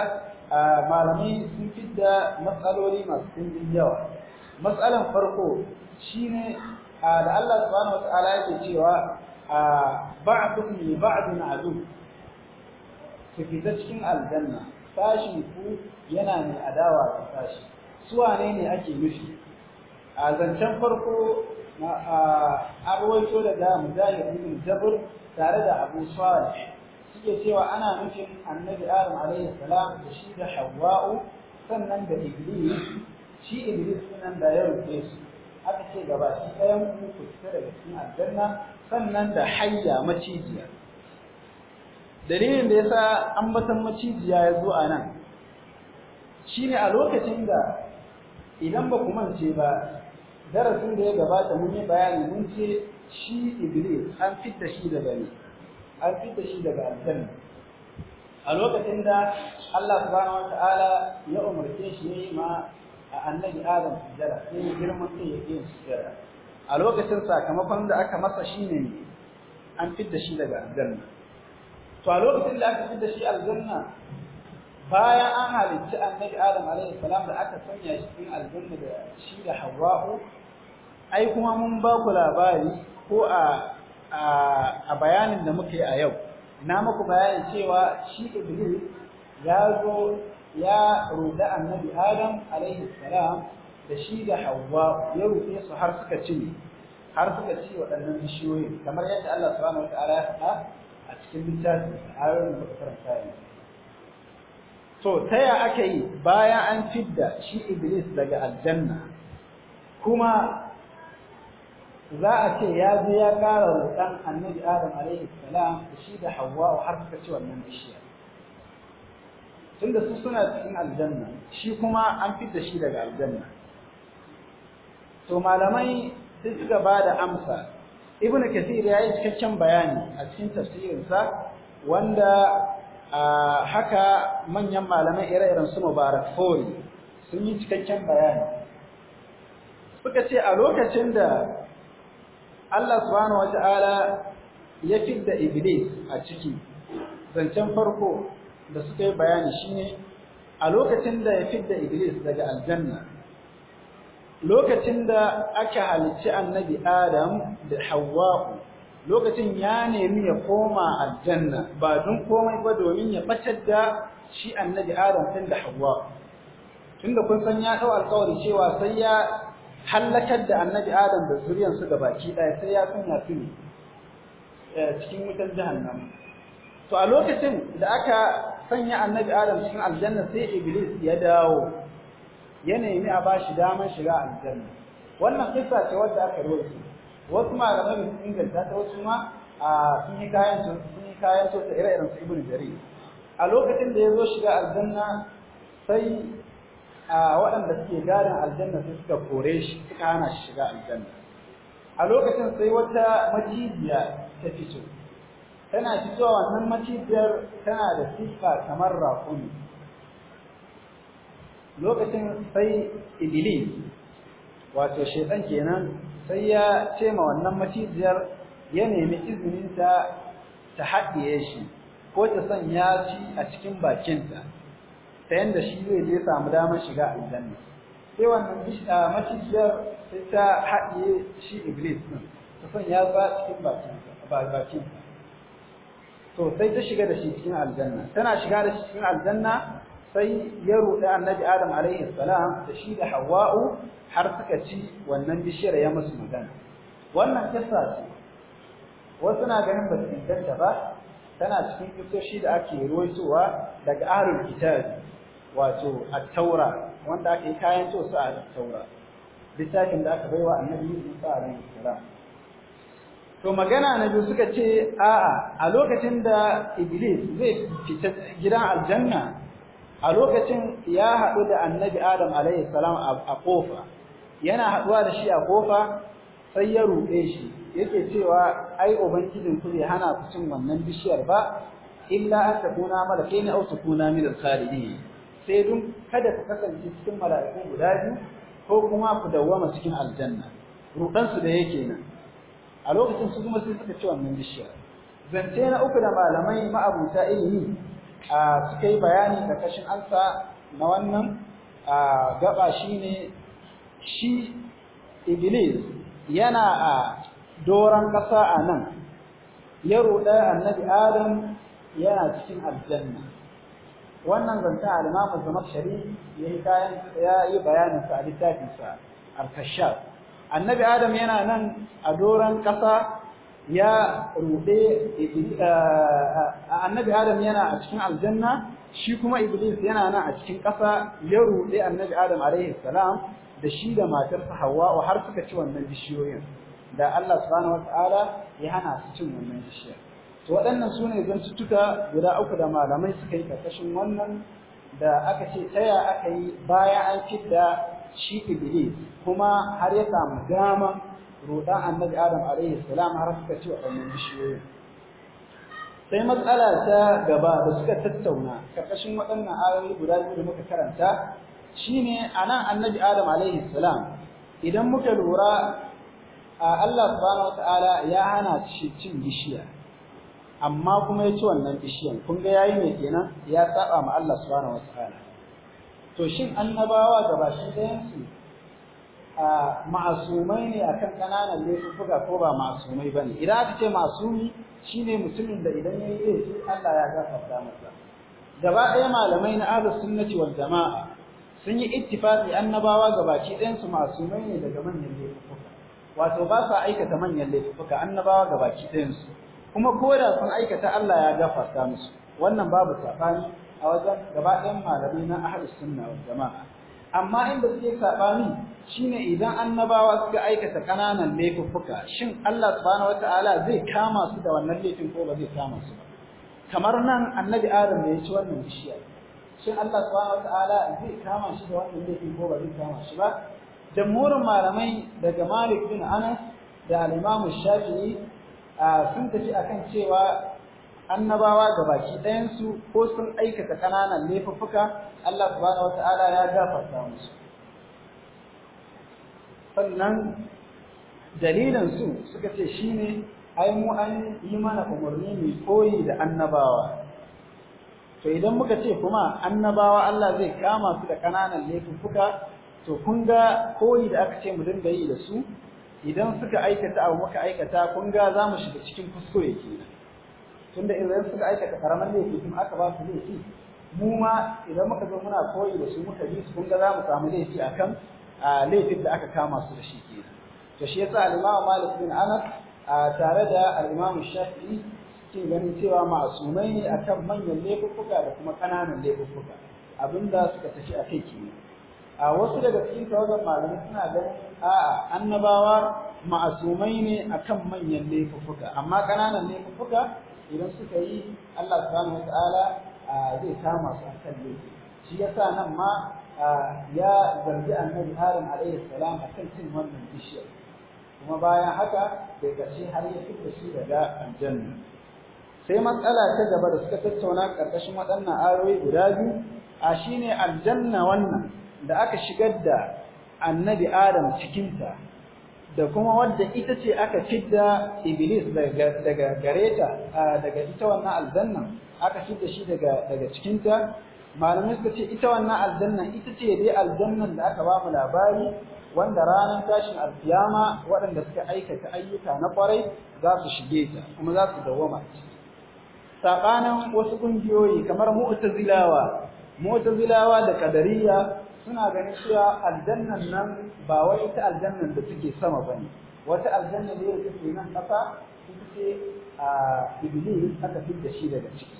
malamai sun fidda matsaloli masu ɗimbin yawa matsalan farko ne, da Allah subhanahu wataala yake cewa ba'dun li ba'dun adu su fita cikin aljanna sashin ku yana mai adawa da sashi su Wanene ne ake nufi a zancen farko a arwaito daga mujahid ibn jabr tare da abu salih suke cewa ana nufin annabi adam alaihi salam da shi da hawa'u sannan da iblis shi iblis sunan da ya rufe su aka ce gaba shi ɗayan ku ku fita daga cikin aljanna sannan da hayya macijiya dalilin da yasa ambatan macijiya ya zo a nan shine a lokacin da idan ba ku mance ba darasin da ya gabata mun yi bayani mun ce shi iblis an fitta shi daga ne an fita shi daga aljanna a lokacin da Allah subhanahu wataala ya umarce shi ne ma a annabi Adam sujjada sai ya girma sai ya yi sujjada a lokacin sakamakon da aka masa shi ne an fita shi daga aljanna to a lokacin da aka fita shi aljanna bayan an halicci annabi Adam alaihi salam da aka sanya shi cikin aljanna da shi da Hawwa'u ai kuma mun ba ku labari ko a a bayanin da muke a yau na muku bayanin cewa shi iblis ya zo ya roƙi annabi adam alaihi salam da shi da Hauwa ya roƙe su har suka ci har suka ci waɗannan bishiyoyi kamar yadda Allah subhanahu wataala ya faɗa a cikin littafin ayoyin da to ta ya aka yi bayan an fidda shi iblis daga aljanna kuma za a ce ya je ya ƙara roƙon annabi adam alaihi salam da shi da hawa har suka ci wannan bishiya tunda su suna cikin aljanna shi kuma an da shi daga aljanna to malamai sai suka ba da amsa ibnu kathir ya yi cikakken bayani a cikin tafsirinsa wanda a haka manyan malamai ire-iren su mubarak fori sun yi cikakken bayani suka ce a lokacin da Allah subhanahu wata'ala ya fidda iblis a ciki zancen farko da suka yi bayani shine a lokacin da ya fidda iblis daga aljanna lokacin da aka halicci annabi adam da Hawwa lokacin ya nemi ya koma aljanna ba don komai ba domin ya batar da shi annabi adam tun da hawwa'u tunda kun san ya dau alƙawari cewa sai ya hallakar da annabi adam da zuriyarsu baki ɗaya sai ya sanya su ne eh, cikin wutar jahannam to a lokacin da aka sanya annabi adam cikin aljanna sai iblis ya dawo ya nemi a bashi damar shiga aljanna wannan kissa ce wadda aka roki, wasu malamai sun inganta ta wasu ma a sun yi kayan sun yi kayan ta ire-iren su ibnu jarir a lokacin da ya zo shiga aljanna sai waɗanda suke gadon aljanna su suka kore shi suka hana shi shiga aljanna a lokacin sai wata macijiya ta fito tana fitowa wannan macijiyar tana da siffa kamar raƙumi lokacin sai iblis wato shaitan kenan sai ya ce ma wannan macijiyar ya nemi izinin ta haɗiye shi ko ta sanya shi a cikin bakinta ta yanda shi zai je samu damar shiga aljanna sai wannan ah, macijiyar sai ta haɗiye shi iblis ɗin ta sanya ba cikin bakin to sai ta shiga da shi cikin aljanna tana shiga da shi cikin aljanna sai ya ruɗe annabi adam alaihi salam da shi da hawa'u har suka ci wannan bishiyar ya musu magana wannan kissa ce wasu na ganin ba su ba tana cikin kisoshi da ake ruwaitowa daga ahlul kitabi wato at-taura wanda aka kayan to su a taura littafin da aka baiwa annabi Musa alaihi salam to magana na biyu suka ce a'a a lokacin da Iblis zai fita gidan aljanna a lokacin ya haɗu da annabi Adam alaihi salam a kofa yana haɗuwa da shi a kofa sai ya ruɗe shi yake cewa ai ubangijin ku bai hana ku cin wannan bishiyar ba illa an takuna malakai ne au kuna min al-khalidin sai dun kada ku kasance cikin mala'iku guda biyu ko kuma ku dawwama cikin aljanna rudan su da yake nan a lokacin su kuma sai suka ce wannan bishiya zance na uku da malamai ma'abuta ilimi a suka yi bayani da kashin ansa na wannan a gaba shine shi iblis yana a doran kasa a nan ya ruɗa annabi adam yana cikin aljanna wannan zanta al-Imam Zamakhshari yayi kayan ya yi bayanin sa a littafin sa Al-Kashaf Annabi Adam yana nan a doran kasa ya rude eh, eh, eh, Annabi Adam yana a cikin aljanna shi kuma Iblis yana nan a cikin kasa ya rude Annabi Adam alaihi salam da shi da matarsa Hawwa har suka ci wannan bishiyoyin da Allah subhanahu ya hana su cin wannan bishiyoyin. to waɗannan su ne zantuttuka guda uku da malamai suka yi ƙarƙashin wannan da aka ce taya aka yi bayan an fidda shi iblis kuma har ya samu dama ruɗa annabi adam alaihi salam har suka ce waɗannan bishiyoyi.
sai matsala ta gaba da suka
tattauna ƙarƙashin waɗannan ayoyi guda biyu da muka karanta shine anan annabi adam alaihi salam idan muka lura a Allah subhanahu ya hana shi cin bishiya amma kuma ya ci wannan bishiyan kun ga yayi ne kenan ya saba ma Allah subhanahu wataala to shin annabawa gaba shi ɗayan a masumai ne akan kananan laifuka ko ba masumai bane idan aka ce masumi shine mutumin da idan yayi laifi Allah ya gafarta masa
gaba ɗaya malamai na ahlus sunnati wal
jama'a sun yi ittifaqi annabawa gabaki ɗayan su masumai ne daga manyan laifuka wato ba sa aikata manyan laifuka annabawa ga ɗayan su kuma ko da sun aikata Allah ya gafarta musu wannan babu sabani a wajen gaba ɗayan malami na ahlus sunna wal jama'a amma inda suke sabani shine idan annabawa suka aikata kananan laifuffuka shin Allah subhanahu wataala zai kama su da wannan laifin ko ba zai kama su ba kamar nan annabi Adam da ya ci wannan bishiya shin Allah subhanahu wataala zai kama shi da wannan laifin ko ba zai kama shi ba jamhurin malamai daga Malik bin Anas da al-Imam Shafi'i sun tafi a kan cewa annabawa ga baki ɗayansu ko sun aikata ƙananan laifuffuka Allah ba wata wata'ala ya gafarta musu sannan dalilan su suka ce shi ne ai mu an yi mana umarni mai koyi da annabawa to idan muka ce kuma annabawa Allah zai kama su da ƙananan laifuffuka to kun ga koyi da aka ce mu dinga yi da su idan suka aikata abu muka aikata kun ga za mu shiga cikin kuskure tun tunda idan suka aikata karamar laifi kuma aka ba su laifi mu ma idan muka zo muna koyi da su muka bi su kun ga za mu samu laifi a kan laifin da aka kama su da shi ke to shi yasa al Malik bin Anas tare da al Shafi, Shafi'i suke ganin cewa masumai ne akan manyan laifuffuka da kuma ƙananan laifuffuka abinda suka tafi a kai kenan a wasu daga cikin tawagan malami suna ganin a'a annabawa ma'asumai ne akan manyan laifuka amma ƙananan
laifuka
idan suka yi Allah subhanahu wataala zai kama su akan laifi shi yasa nan ma ya zargi annabi Harun alayhi salam akan cin wannan bishiyar kuma bayan haka bai gashi har ya fita shi daga aljanna sai matsala ta gaba da suka tattauna karkashin waɗannan ayoyi guda biyu a shine aljanna wannan da aka shigar da annabi Adam cikinta da kuma wadda ita ce aka fidda Iblis daga gareta daga ita wannan aljannan aka fidda shi daga daga cikinta malamai suka ce ita wannan aljannan ita ce dai aljannan da aka ba mu labari wanda ranar tashin alkiyama waɗanda suka aikata ayyuka na kwarai za su shige ta kuma za su dawwama saɓanin wasu ƙungiyoyi kamar mu'tazilawa mu'tazilawa da ƙadariya suna ganin cewa aljannan nan ba wai ita aljannan da suke sama bane wata aljanna ne da take nan kafa ita ce a iblis aka da shi daga ciki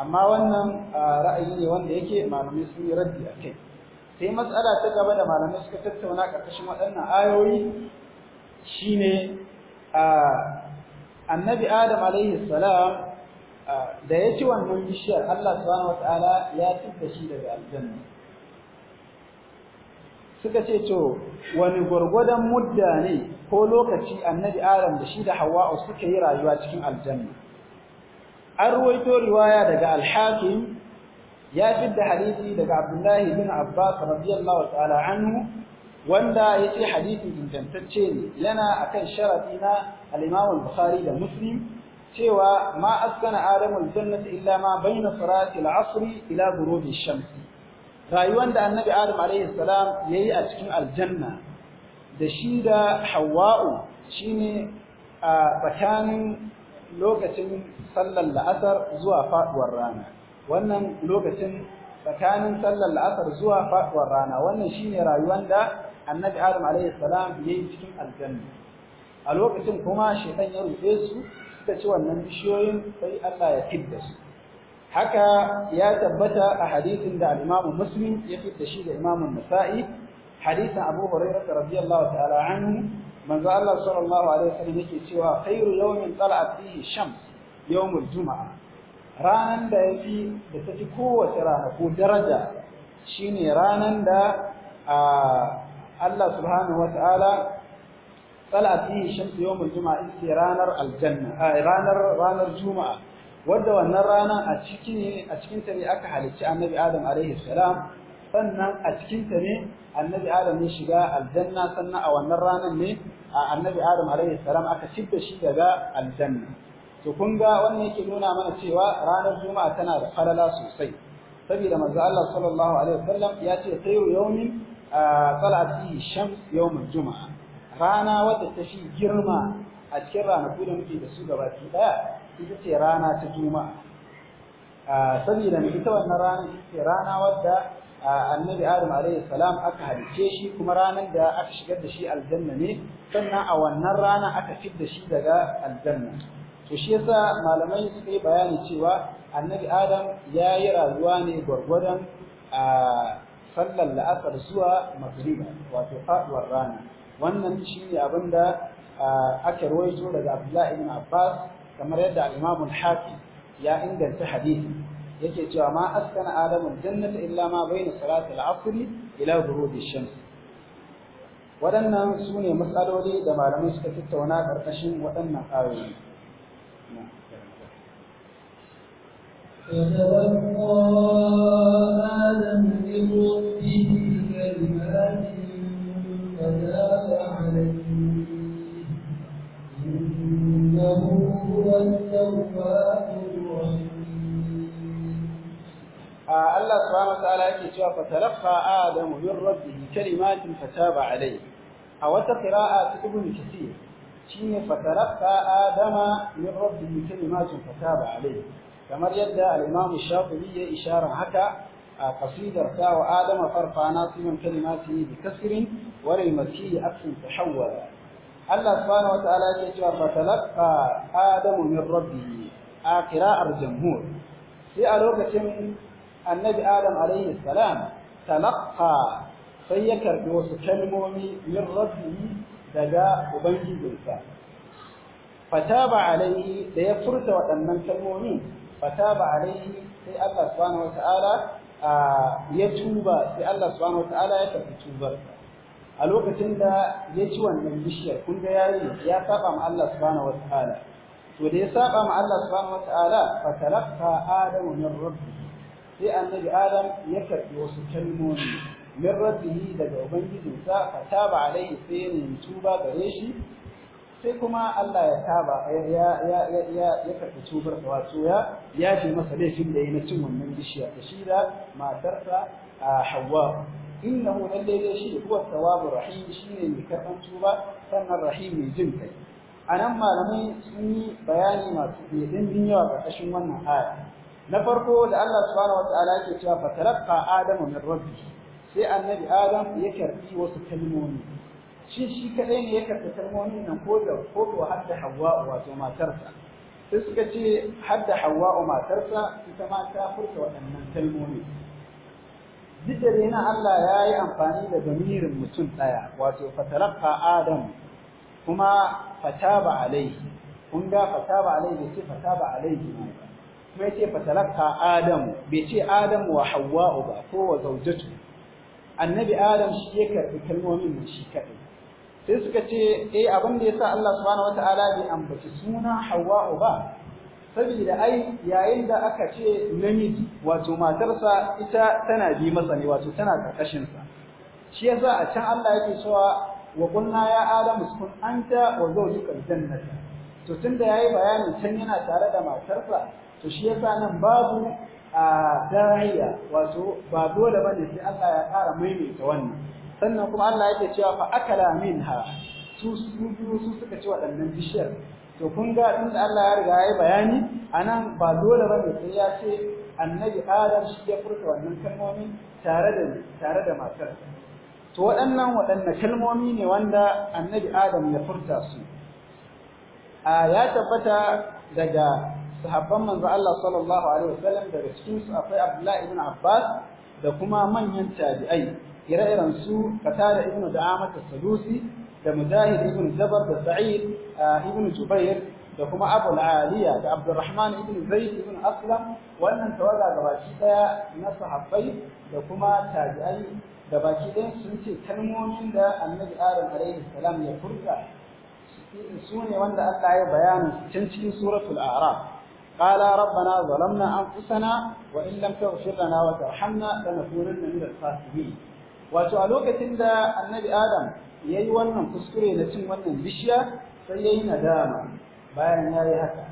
amma wannan ra'ayi ne wanda yake malamai sun yi raddi a kai sai matsala ta gaba da malamai suka tattauna ƙarƙashin waɗannan ayoyi shine annabi adam alaihi salam da ya ci wannan bishiyar Allah subhanahu wataala ya fitta shi daga aljanna suka ce to wani gurgurdan mudda ne ko lokaci annabi Adam da shi da Hauwa suka yi rayuwa cikin aljanna an ruwaito riwaya daga al-Hakim ya da hadisi daga Abdullahi bin Abbas radiyallahu ta'ala anhu wanda ce hadisin ingantacce ne yana akan sharadi na al al-Bukhari da Muslim cewa ma askana Adam al-jannata illa ma bayna salati al-'asr ila ghurubi ash-shams rayuwar da annabi adam alaihi salam yayi a cikin aljanna da shi da hawa'u shine a tsakanin lokacin sallar la'asar zuwa faduwar rana wannan lokacin tsakanin sallar la'asar zuwa faduwar rana wannan shine rayuwar da annabi adam alaihi salam yayi cikin aljanna a lokacin kuma shedan ya rufe su suka ci wannan bishiyoyin sai Allah ya fidda su haka ya tabbata a hadisin da al-Imam Muslim ya fitta shi da Imam Nasa'i hadisin Abu Hurairah radiyallahu ta'ala anhu manzo Allah sallallahu alaihi wasallam yake cewa khairu yawmin tala'at fihi shams yawmul juma'a ranan da yafi da tafi kowace rana ko daraja shine ranan da Allah subhanahu wata'ala tala'at fihi shams yawmul juma'a ranar aljanna ranar ranar juma'a wadda wannan rana a ciki ne a cikin ta ne aka halicci annabi adam alaihi salam sannan a cikin ta ne annabi adam ya shiga aljanna sannan a wannan ranan ne annabi adam alaihi salam aka cibbe shi daga aljanna to kun ga wannan yake nuna mana cewa ranar juma'a tana da falala sosai saboda manzo Allah sallallahu alaihi wasallam ya ce khairu yawmin tala'at fihi shams yawmul juma'a rana wadda ta fi girma a cikin ranaku da muke da su gabaki daya ita ce rana ta juma'a saboda ita wannan rana ita ce rana wadda annabi adam alaihi salam aka halice shi kuma ranar da aka shigar da shi aljanna ne sannan a wannan rana aka fit da shi daga aljanna to shi yasa malamai suka yi bayani cewa annabi adam ya yi rayuwa ne gwargwadon a sallar la'asar zuwa magriba wato faduwar rana wannan shine abin da aka rawaito daga abdullahi ibn abbas kamar yadda al-Imam hakim ya inganta hadisi yake cewa ma askana adamu jannata illa ma bayna salati al-asr ila ghurubi shams wadannan sune masaloli da malamai suka tattauna karkashin wadannan ayoyi
فتبقى آدم لغربه Allah
subhanahu wataala yake cewa fa talaqqa adamu min rabbih kalimatin fataba alayhi a wata qira'a ta ibn kathir shine fa talaqqa adama min rabbih kalimatin fataba alayhi kamar yadda al-imam shafi'i ya ishara haka a qasidar ta wa adama farfa nasimin kalimati bi kasrin wa lil masih aksun tahawwala Allah subhanahu wataala yake cewa fatalaqqa adamu min rabbihi a qira'ar jumhur sai a lokacin annabi adam alaihi salam talaqqa sai ya karbi wasu kalmomi min rabbihi daga ubangijinsa fataba alaihi da ya furta waɗannan kalmomi fataba alaihi sai Allah subhanahu wataala ya tuba sai Allah subhanahu wataala ya karbi tubarsa a lokacin da ya ci wannan bishiyar kun ga yayi ya saba ma Allah subhanahu wataala to da ya saba ma Allah subhanahu wataala fa talaqqa adamu min rabbih sai annabi adam ya karbi wasu kalmomi min rabbih daga ubangijinsa fa taba alaihi sai ne tuba gare shi sai kuma Allah ya taba ya ya ya ya karbi tubar sa wato ya ya masa laifin da ya na cin wannan bishiyar da shi da matarsa a Hawwa na innahu lalle dai shi huwa tawwabur rahim shine mai karban ba, sannan rahim mai jin kai anan malamai sun yi bayani masu dimbin yawa ƙarƙashin wannan aya na farko da Allah subhanahu wataala yake cewa fatalaqqa adamu na rabbi sai annabi adam ya karbi wasu kalmomi shi shi kadai ne ya karbi kalmomin nan ko da ko ko hadda hawa wato matarsa sai suka ce hadda hawa matarsa ita ma ta furta waɗannan kalmomi duk da na Allah ya yi amfani da damirin mutum ɗaya wato fatalaka adam kuma fataba alaihi kun ga alaihi bai ce fataba alaihi ne kuma yace fatalaka adam bai ce adam wa hawwa'u ba ko wa zaujatu annabi adam shi ya karbi kalmomin nan shi kaɗai. sai suka ce eh abin da yasa Allah subhanahu wataala bai ambaci suna hawwa'u ba saboda ai yayin da aka ce namiji wato matarsa ita tana bi masa ne wato tana karkashin sa shi yasa a can Allah yake cewa wa kunna ya adam uskun anta wa zawjuka aljannata to tunda yayi bayanin can yana tare da matarsa to shi yasa nan babu a dariya wato ba dole bane sai Allah ya ƙara maimaita wannan sannan kuma Allah yake cewa fa akala minha su su su suka ci waɗannan bishiyar to kun ga tun da Allah ya riga ya bayani anan ba dole bane sai ya ce annabi Adam shi ya furta wannan kalmomi tare da tare da matar to waɗannan waɗanne kalmomi ne wanda annabi Adam ya furta su a ya tabbata daga sahabban manzo Allah sallallahu alaihi wasallam daga cikin su akwai Abdullah ibn Abbas da kuma manyan tabi'ai ire-iren su Qatada ibn Da'amah as-Sadusi da Mujahid ibn Jabar da Sa'id ibn Jubair da kuma Abu Aliya da Abdurrahman ibn Zaid ibn Aslam wannan tawaga gabaki daya na sahabbai da kuma tabi'ai baki ɗayan sun ce kalmomin da Annabi Adam alaihi salam ya furta su ne wanda Allah ya bayanin cin cikin suratul A'raf قال ربنا ظلمنا أنفسنا وإن لم تغفر لنا وترحمنا لنكونن من الخاسرين wato a lokacin da annabi adam ya yi wannan kuskure na cin wannan bishiya sai ya yi nadama bayan ya yi haka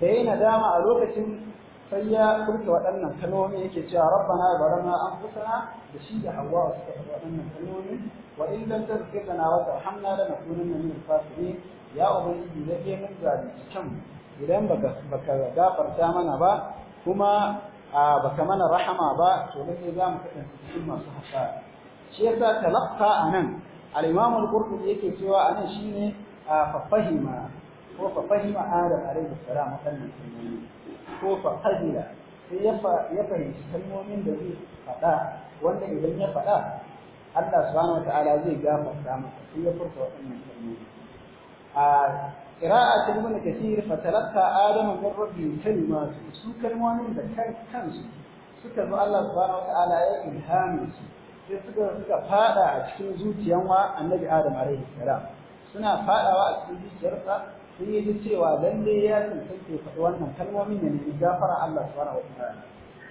da ya yi nadama a lokacin sai ya furta waɗannan kalmomi yake cewa rabbana barana an fusana da shi da hawa suka faɗi waɗannan kalmomi wa in lam tazkir lana wa tarhamna lanakunanna min al-fasiqin ya ubangiji da ke mun zabi idan baka gafarta mana ba kuma baka mana rahama ba to ne za mu kasance cikin masu hasara shi yasa a nan. Alimamu imam al-qurtubi yake cewa shi ne fa fafahima ko fa fahima adam alaihi salam wannan kalmomi ko fa sai ya fahimci kalmomin da zai faɗa wanda idan ya faɗa Allah subhanahu wataala zai gafarta masa sai ya furta wannan kalmomi a qira'at ibn kathir fa talaqqa adam min rabbi Masu su kalmomin da kan kansu suka zo Allah subhanahu wataala ya ilhame su sai suka suka fada a cikin zuciyan wa annabi adam alaihi salam suna fadawa a cikin zuciyarsa sun yi ji cewa lalle ya ke faɗi wannan kalmomin ne ni gafara Allah subhanahu ta'ala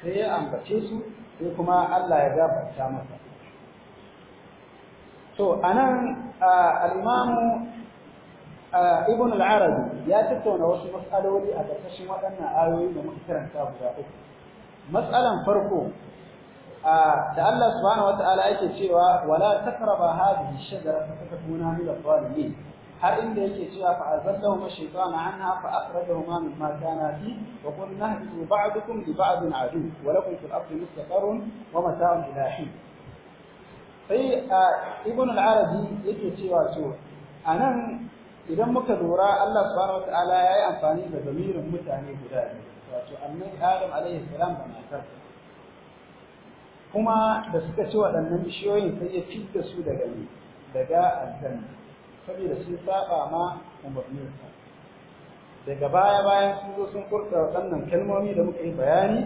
sai ya ambace su sai kuma Allah ya gafarta masa to anan al-imamu ibn al-arabi ya tattauna wasu mas'aloli a ƙarƙashin waɗannan ayoyi da muka karanta guda uku mas'alan farko da Allah subhanahu wata'ala yake cewa wala takraba hadhihi shajara fa takuna min al-zalimin har inda yake cewa fa azallahu ash-shaytanu anha fa akhrajahuma mimma kana fi wa qulna ihbitu ba'dukum li ba'din adu wa lakum fil ardi mustaqarrun wa mata'un ila hin sai ibn al-arabi yake cewa to anan idan muka lura Allah subhanahu wata'ala yayi amfani da damirin mutane guda biyu wato annabi Adam alaihi salam da matarsa kuma da suka ci waɗannan bishiyoyin sai ya da su daga ne daga aljanna saboda sun saba ma
umarninsa
daga baya bayan sun zo sun furta waɗannan kalmomi da muka yi bayani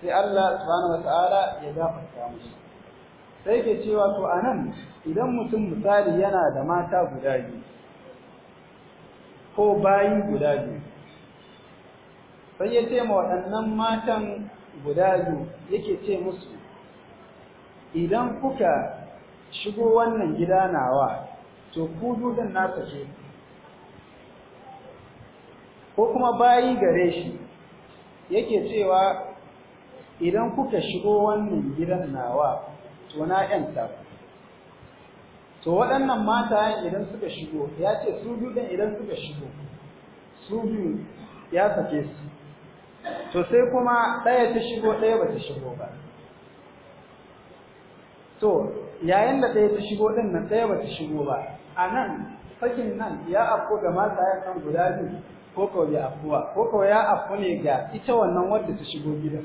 sai Allah subhanahu wata'ala ya gafarta musu sai ke cewa to nan idan mutum misali yana da mata guda biyu ko bayi guda biyu sai ya ce ma waɗannan matan guda biyu yake ce musu idan kuka shigo wannan gida nawa to ku dudan nasa ce ko kuma bayi gare shi yake cewa idan kuka shigo wannan gidan nawa to na yanta to waɗannan mata idan suka shigo ya ce su biyu idan suka shigo su biyu ya sake su to sai kuma ɗaya ta shigo ɗaya ba ta shigo ba to yayin da ɗaya ta shigo ɗin nan ɗaya ba ta shigo ba a nan fakin nan ya afko ga mata ya kan guda biyu ko kawai ya afkuwa ko kawai ya afku ne ga ita wannan wadda ta shigo gidan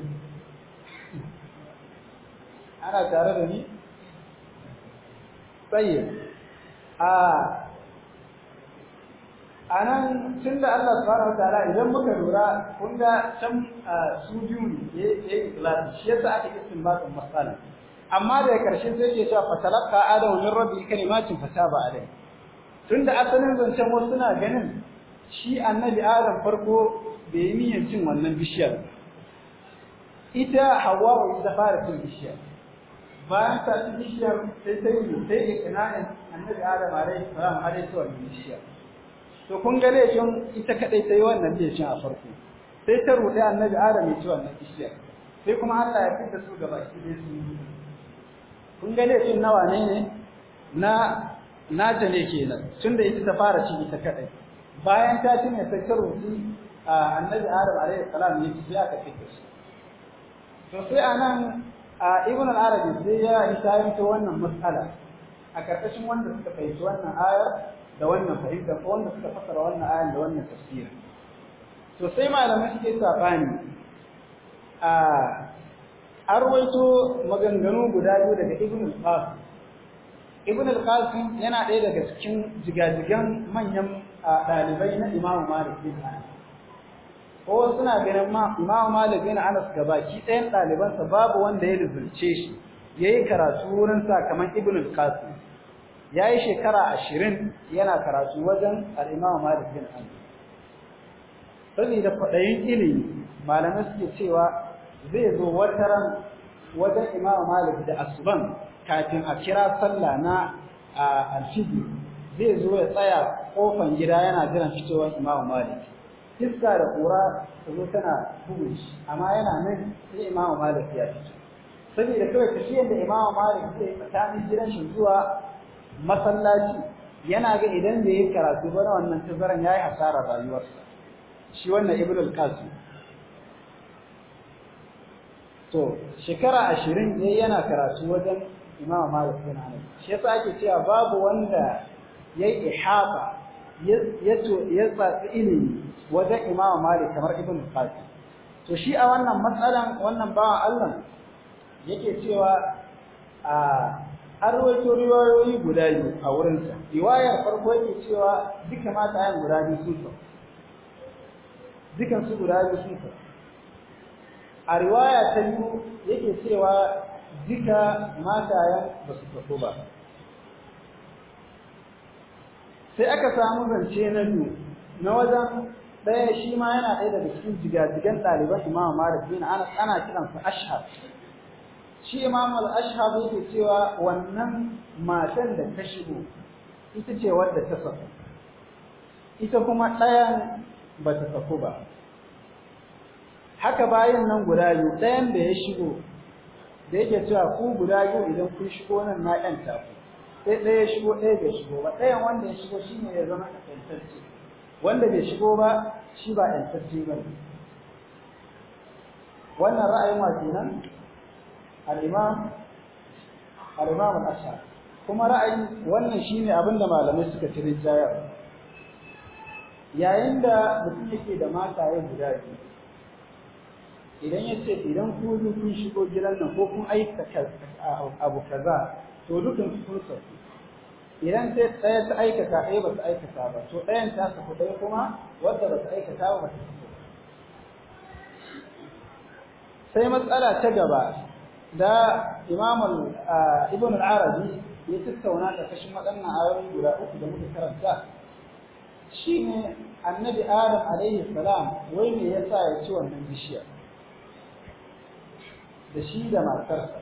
ana tare da ni tsaye a a nan tun da Allah subhanahu wa ta'ala idan muka lura kun ga can su biyu ne ya yi ikilasi shi yasa aka ba bakin matsala amma da ƙarshe sai ke cewa fatalaka adamu min rabbi kalimatin fataba alai tunda asalin zancen wasu suna ganin shi annabi adam farko bai yi niyyar cin wannan bishiyar ita hawa ita fara cin bishiyar bayan ta ci bishiyar sai ta yi sai ikinanin annabi adam alai salam alai ta wannan bishiyar to kun ga laifin ita kadai ta yi wannan laifin a farko sai ta ruɗe annabi adam ya ci wannan bishiyar sai kuma Allah ya fita su gaba shi ne su kun ga laifin nawa ne ne na nata ne kenan tunda ita ta fara ci ita kadai bayan ta cinye ta karuti annabi adam alaihi salam ya ci sai aka fitar shi to sai anan ibn al-arabi sai ya hisayanto wannan matsala, a karkashin wanda suka fahimci wannan ayar da wannan fahimta ko wanda suka fassara wannan ayar da wannan tafsiri to sai malamai suke sabani a arwaito maganganu guda biyu daga ibn al-qasim ibn al-qasim yana ɗaya daga cikin jigajigan manyan ɗalibai na imam malik bin anas ko suna ganin ma imam malik bin anas ki ɗayan ɗalibansa babu wanda ya lizulce shi yayi karatu wurin sa ibn al-qasim yayi shekara ashirin, yana karatu wajen al-imam malik bin anas da kwaɗayin ilimi malamai suke cewa zai zo wata ran wajen Imam Malik da asuban kafin a kira sallah na alfiji zai zo ya tsaya kofan gida yana jiran fitowar Imam Malik iska da kura ta zo tana bugun shi amma yana nan sai Imam Malik ya fito saboda kawai shi yadda Imam Malik zai tsakanin gidan shi zuwa masallaci yana ga idan bai yi karatu ba na wannan tazaran yi hasarar rayuwarsa shi wannan Ibn al to shekara ashirin ne yana karatu wajen imama malik bin anas shi yasa ake cewa babu wanda ya yi ihaba ya tsatsi ilimi wajen imama malik kamar ibn qasim to shi a wannan matsalan wannan bawa allah yake cewa a an riwayoyi guda biyu a wurinsa riwayar farko yake cewa duka matayen guda biyu sun sau dukansu guda biyu su a riwaya ta biyu yake cewa duka matayen ba su tafi ba sai aka samu zance na biyu na wajen ɗaya shi ma yana ɗaya daga cikin jigajigan ɗaliban imam mara bin ana ana kiransa ashab shi imam al'ashab yake cewa wannan matan da ta shigo ita ce wadda ta saka ita kuma ɗayan ba ta saku ba haka bayan nan guda biyu ɗayan da ya shigo da yake cewa ku guda biyu idan kun shigo nan na ƴanta tafi sai ɗaya ya shigo ɗaya bai shigo ba ɗayan wanda ya shigo shi ne ya zama
ƴantacce wanda bai
shigo ba shi ba ƴantacce ba ne wannan ra'ayin wa kenan al-imam al-imam al-ashar kuma ra'ayin wannan shine malamai suka ci rijaya yayin da mutum yake da mata guda biyu idan ya ce idan ku biyu kun shigo gidan nan ko kun aikata abu kaza to dukkan su sun sauki idan sai ɗaya ta aikata ɗaya ba ta aikata ba to ɗayan ta sauki ɗaya kuma wadda ba ta aikata ba ta sauki sai matsala ta gaba da imam ibn al-arabi ya tattauna ƙarƙashin waɗannan ayoyi guda uku da muka karanta
shine
annabi adam alaihi salam wai me yasa ya ci wannan bishiyar da shi da matarsa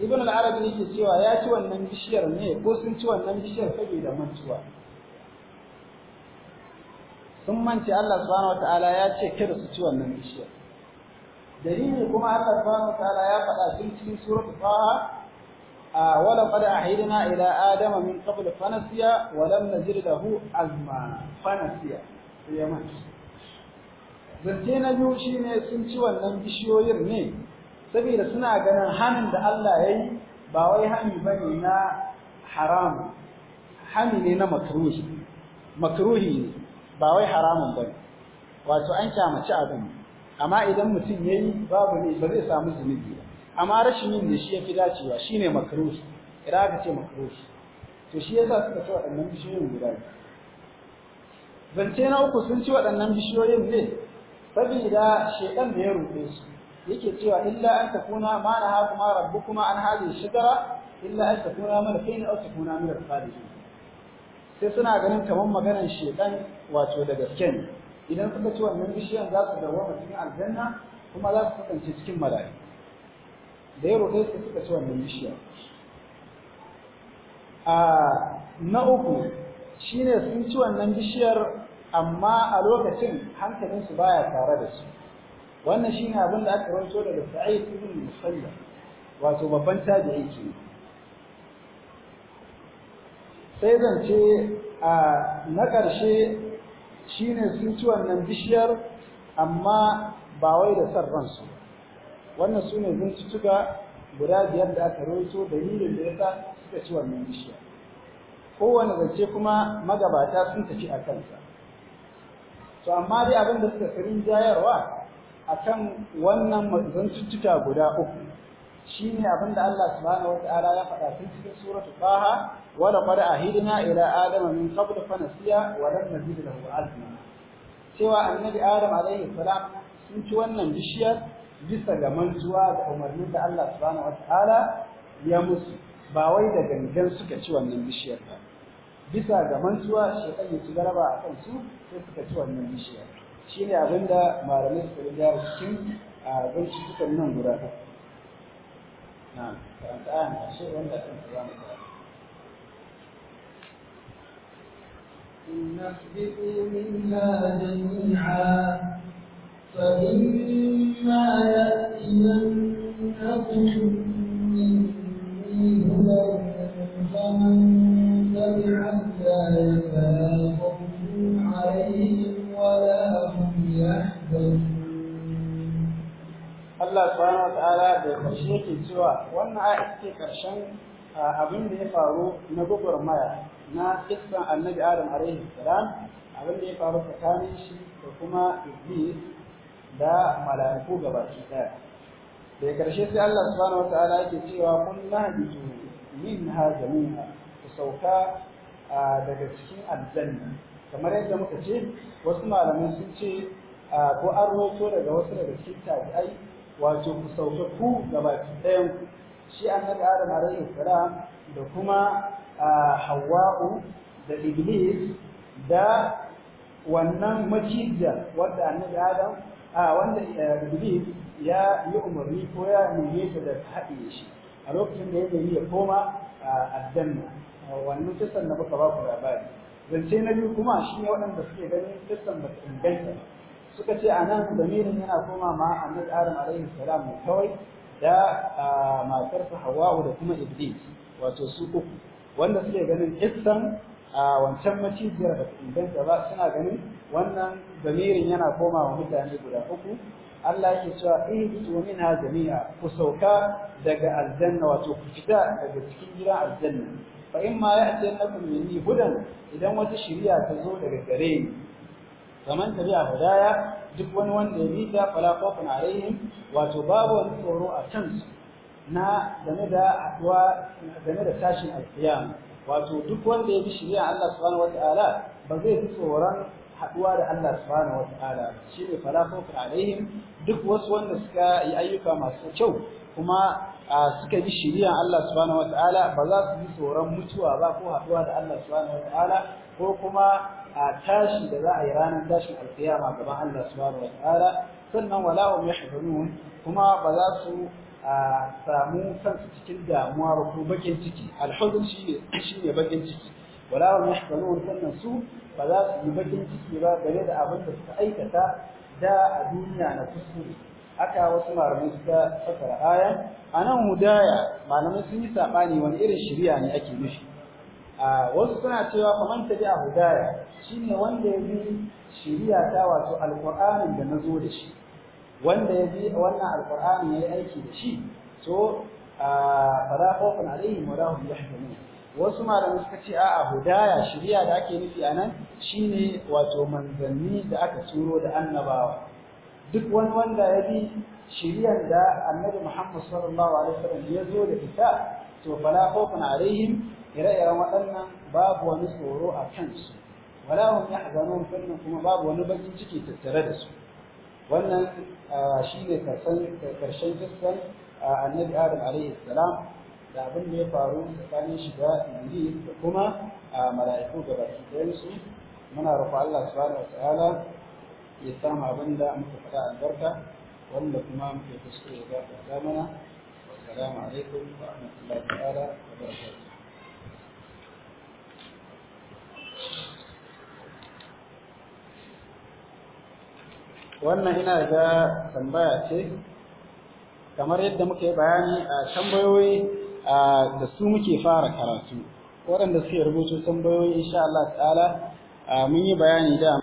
ibn al-arabi yake cewa ya ci wannan bishiyar ne ko sun ci wannan bishiyar da mantuwa sun mance Allah subhanahu ya ce kada su ci wannan bishiyar dalili kuma Allah subhanahu ya faɗa sun cikin suratul taha a wala qad ahidna ila adama min qabl fanasiya wa lam najid lahu azma fanasiya sai ya zance na biyu ne sun ci wannan bishiyoyin ne saboda suna ganin hannun da Allah ya yi ba wai ba bane na haram hannu ne na makruhi makaruhi ne ba wai haramun bane wato an kyamaci abin amma idan mutum ya yi babu ne ba zai samu zunubi ba amma rashin yin da shi ya fi dacewa ne makruhi idan aka ce makruhi to shi yasa suka ci waɗannan bishiyoyin guda biyu zance na uku sun ci waɗannan bishiyoyin ne Sabida shedan da ya rufe su yake cewa illa an takuna ma na kuma rabbukuma an hadi shajara illa an takuna kai aw takuna min al-salihin sai suna ganin kaman maganar shedan wato da gaske ne idan suka ci wannan bishiyan za su dawoma cikin aljanna kuma za su kasance cikin mala'iku da ya rufe su suka ci wannan bishiyar a ah, na uku shine sun ci wannan bishiyar amma a lokacin hankalinsu baya tare da su wannan shine abin da aka rawaito daga Sa'id ibn Musayyab wato babban tabi'i ce sai zan ce a na ƙarshe shine sun ci wannan bishiyar amma ba wai da san ransu wannan sune bincituka guda biyar da aka rawaito dalilin da yasa suka ci wannan bishiyar kowane zance kuma magabata sun tafi a kansa to amma dai abin da suka rinjayarwa, jayarwa kan wannan zantuttuka guda uku Shi ne abin da Allah subhanahu ya faɗa tun cikin suratul Taha wa a ahidna ila adama min qabl fa nasiya wa lam nazid lahu azma cewa annabi adam alaihi salam sun ci wannan bishiyar bisa ga mantuwa da umarnin da Allah subhanahu ya musu ba wai da gangan suka ci wannan bishiyar ba bisa ga mantuwa shekan ya ci garaba a kan su sai suka ci wannan bishiyar shi ne abin da malamai suka yi gyara cikin a binciken nan guda ta
na karanta a ayan ashe wanda kan za mu karanta نخبئوا منها جميعا فإما يأتينكم مني هدى فمن ذلك لا
Allah subhanahu wataala da karshe yake cewa wannan aya ita karshen abin da ya faru na maya na kissan annabi Adam alaihi salam abin da ya faru tsakanin shi da kuma Iblis da mala'iku gabaki daya da karshe sai Allah subhanahu wataala yake cewa kun nahbitu minha jami'a ku sauka daga cikin aljanna kamar yadda muka ce wasu malamai sun ce ko an roto daga wasu daga cikin tabi'ai wato ku sauka ku gabaki ɗayan ku shi haɗa adam alaihi salam da kuma hawa'u da iblis da wannan macijiya wanda annabi adam a wanda iblis ya yi umarni ko ya nemi ta da haɗe shi a lokacin da ya nemi ya koma aljanna wannan kissan da muka ba ku labari zance na biyu kuma shi ne waɗanda suke ganin kisan ba su inganta suka ce a nan zamirin yana koma ma annabi adam alaihi salam ne kawai da matarsa hawa'u da kuma iblis wato su uku wanda suke ganin kisan a wancan macijiyar da inganta ba suna ganin wannan zamirin yana koma wa mutane guda uku Allah yake cewa ihbitu minha jami'a ku sauka daga aljanna wato ku fita daga cikin gidan aljanna fa in ma ya'tiyannakum minni hudan idan wata shiriya ta zo daga gare ni faman tabi'a hudaya duk wani wanda ya bi ta fala khawfun alaihim wato babu wani tsoro a kansu na game da haduwa game da tashin alkiyama wato duk wanda ya bi shiriya Allah subhanahu wataala ba zai fi tsoron haduwa da Allah subhanahu wataala shine fala khawfun alaihim duk wasu wanda suka yi ayyuka masu kyau kuma suka yi shiriya Allah subhanahu wataala ba za su ji tsoron mutuwa ba ko haduwa da Allah subhanahu wataala ko kuma a tashi da za a yi ranar tashin alkiyama gaban Allah subhanahu wataala sannan wala hum yahzanun kuma ba za su samu kansu cikin damuwa ba ko bakin ciki shi ne bakin ciki wala hum yahzanun sannan su ba za su yi bakin ciki ba game da abin da suka aikata da a duniya na kuskure aka wasu malamai suka fasara aya anan hudaya malamai sun yi saɓani wani irin shiriya ne ake nufi a wasu suna cewa kamar tabi a hudaya shine wanda ya bi shirya ta wato alqur'anin da nazo da shi wanda ya bi wannan ya yi aiki da shi to fala khawfun alaihim wa lahum yahzanun wasu malamai suka ce a'a hudaya shiriya da ake nufi anan shine wato manzanni da aka turo da annabawa duk wani wanda ya bi shiriyar da annabi Muhammad sallallahu alaihi wasallam ya zo da ita to fala khawfun alaihim ire-iren waɗannan babu wani tsoro a kansu wala hum yahzanun sannan kuma babu wani bakin ciki tattare da su wannan ah, shine karshen kissan ah, annabi Adam alaihi salam da abin da ya faru tsakanin shi da Iblis da kuma a mala'iku da baki ɗayan su muna rufa Allah subhanahu ta'ala ya samu abin da muka faɗa albarka wanda kuma muke kuskure ya zamana. mana
wassalamu alaikum wa rahmatullahi ta'ala wa barakatuh
wannan ina ga tambaya ce kamar yadda muka yi bayani a tambayoyi
da su muke fara karatu waɗanda suke rubutu tambayoyi insha Allah ta'ala mun yi bayani da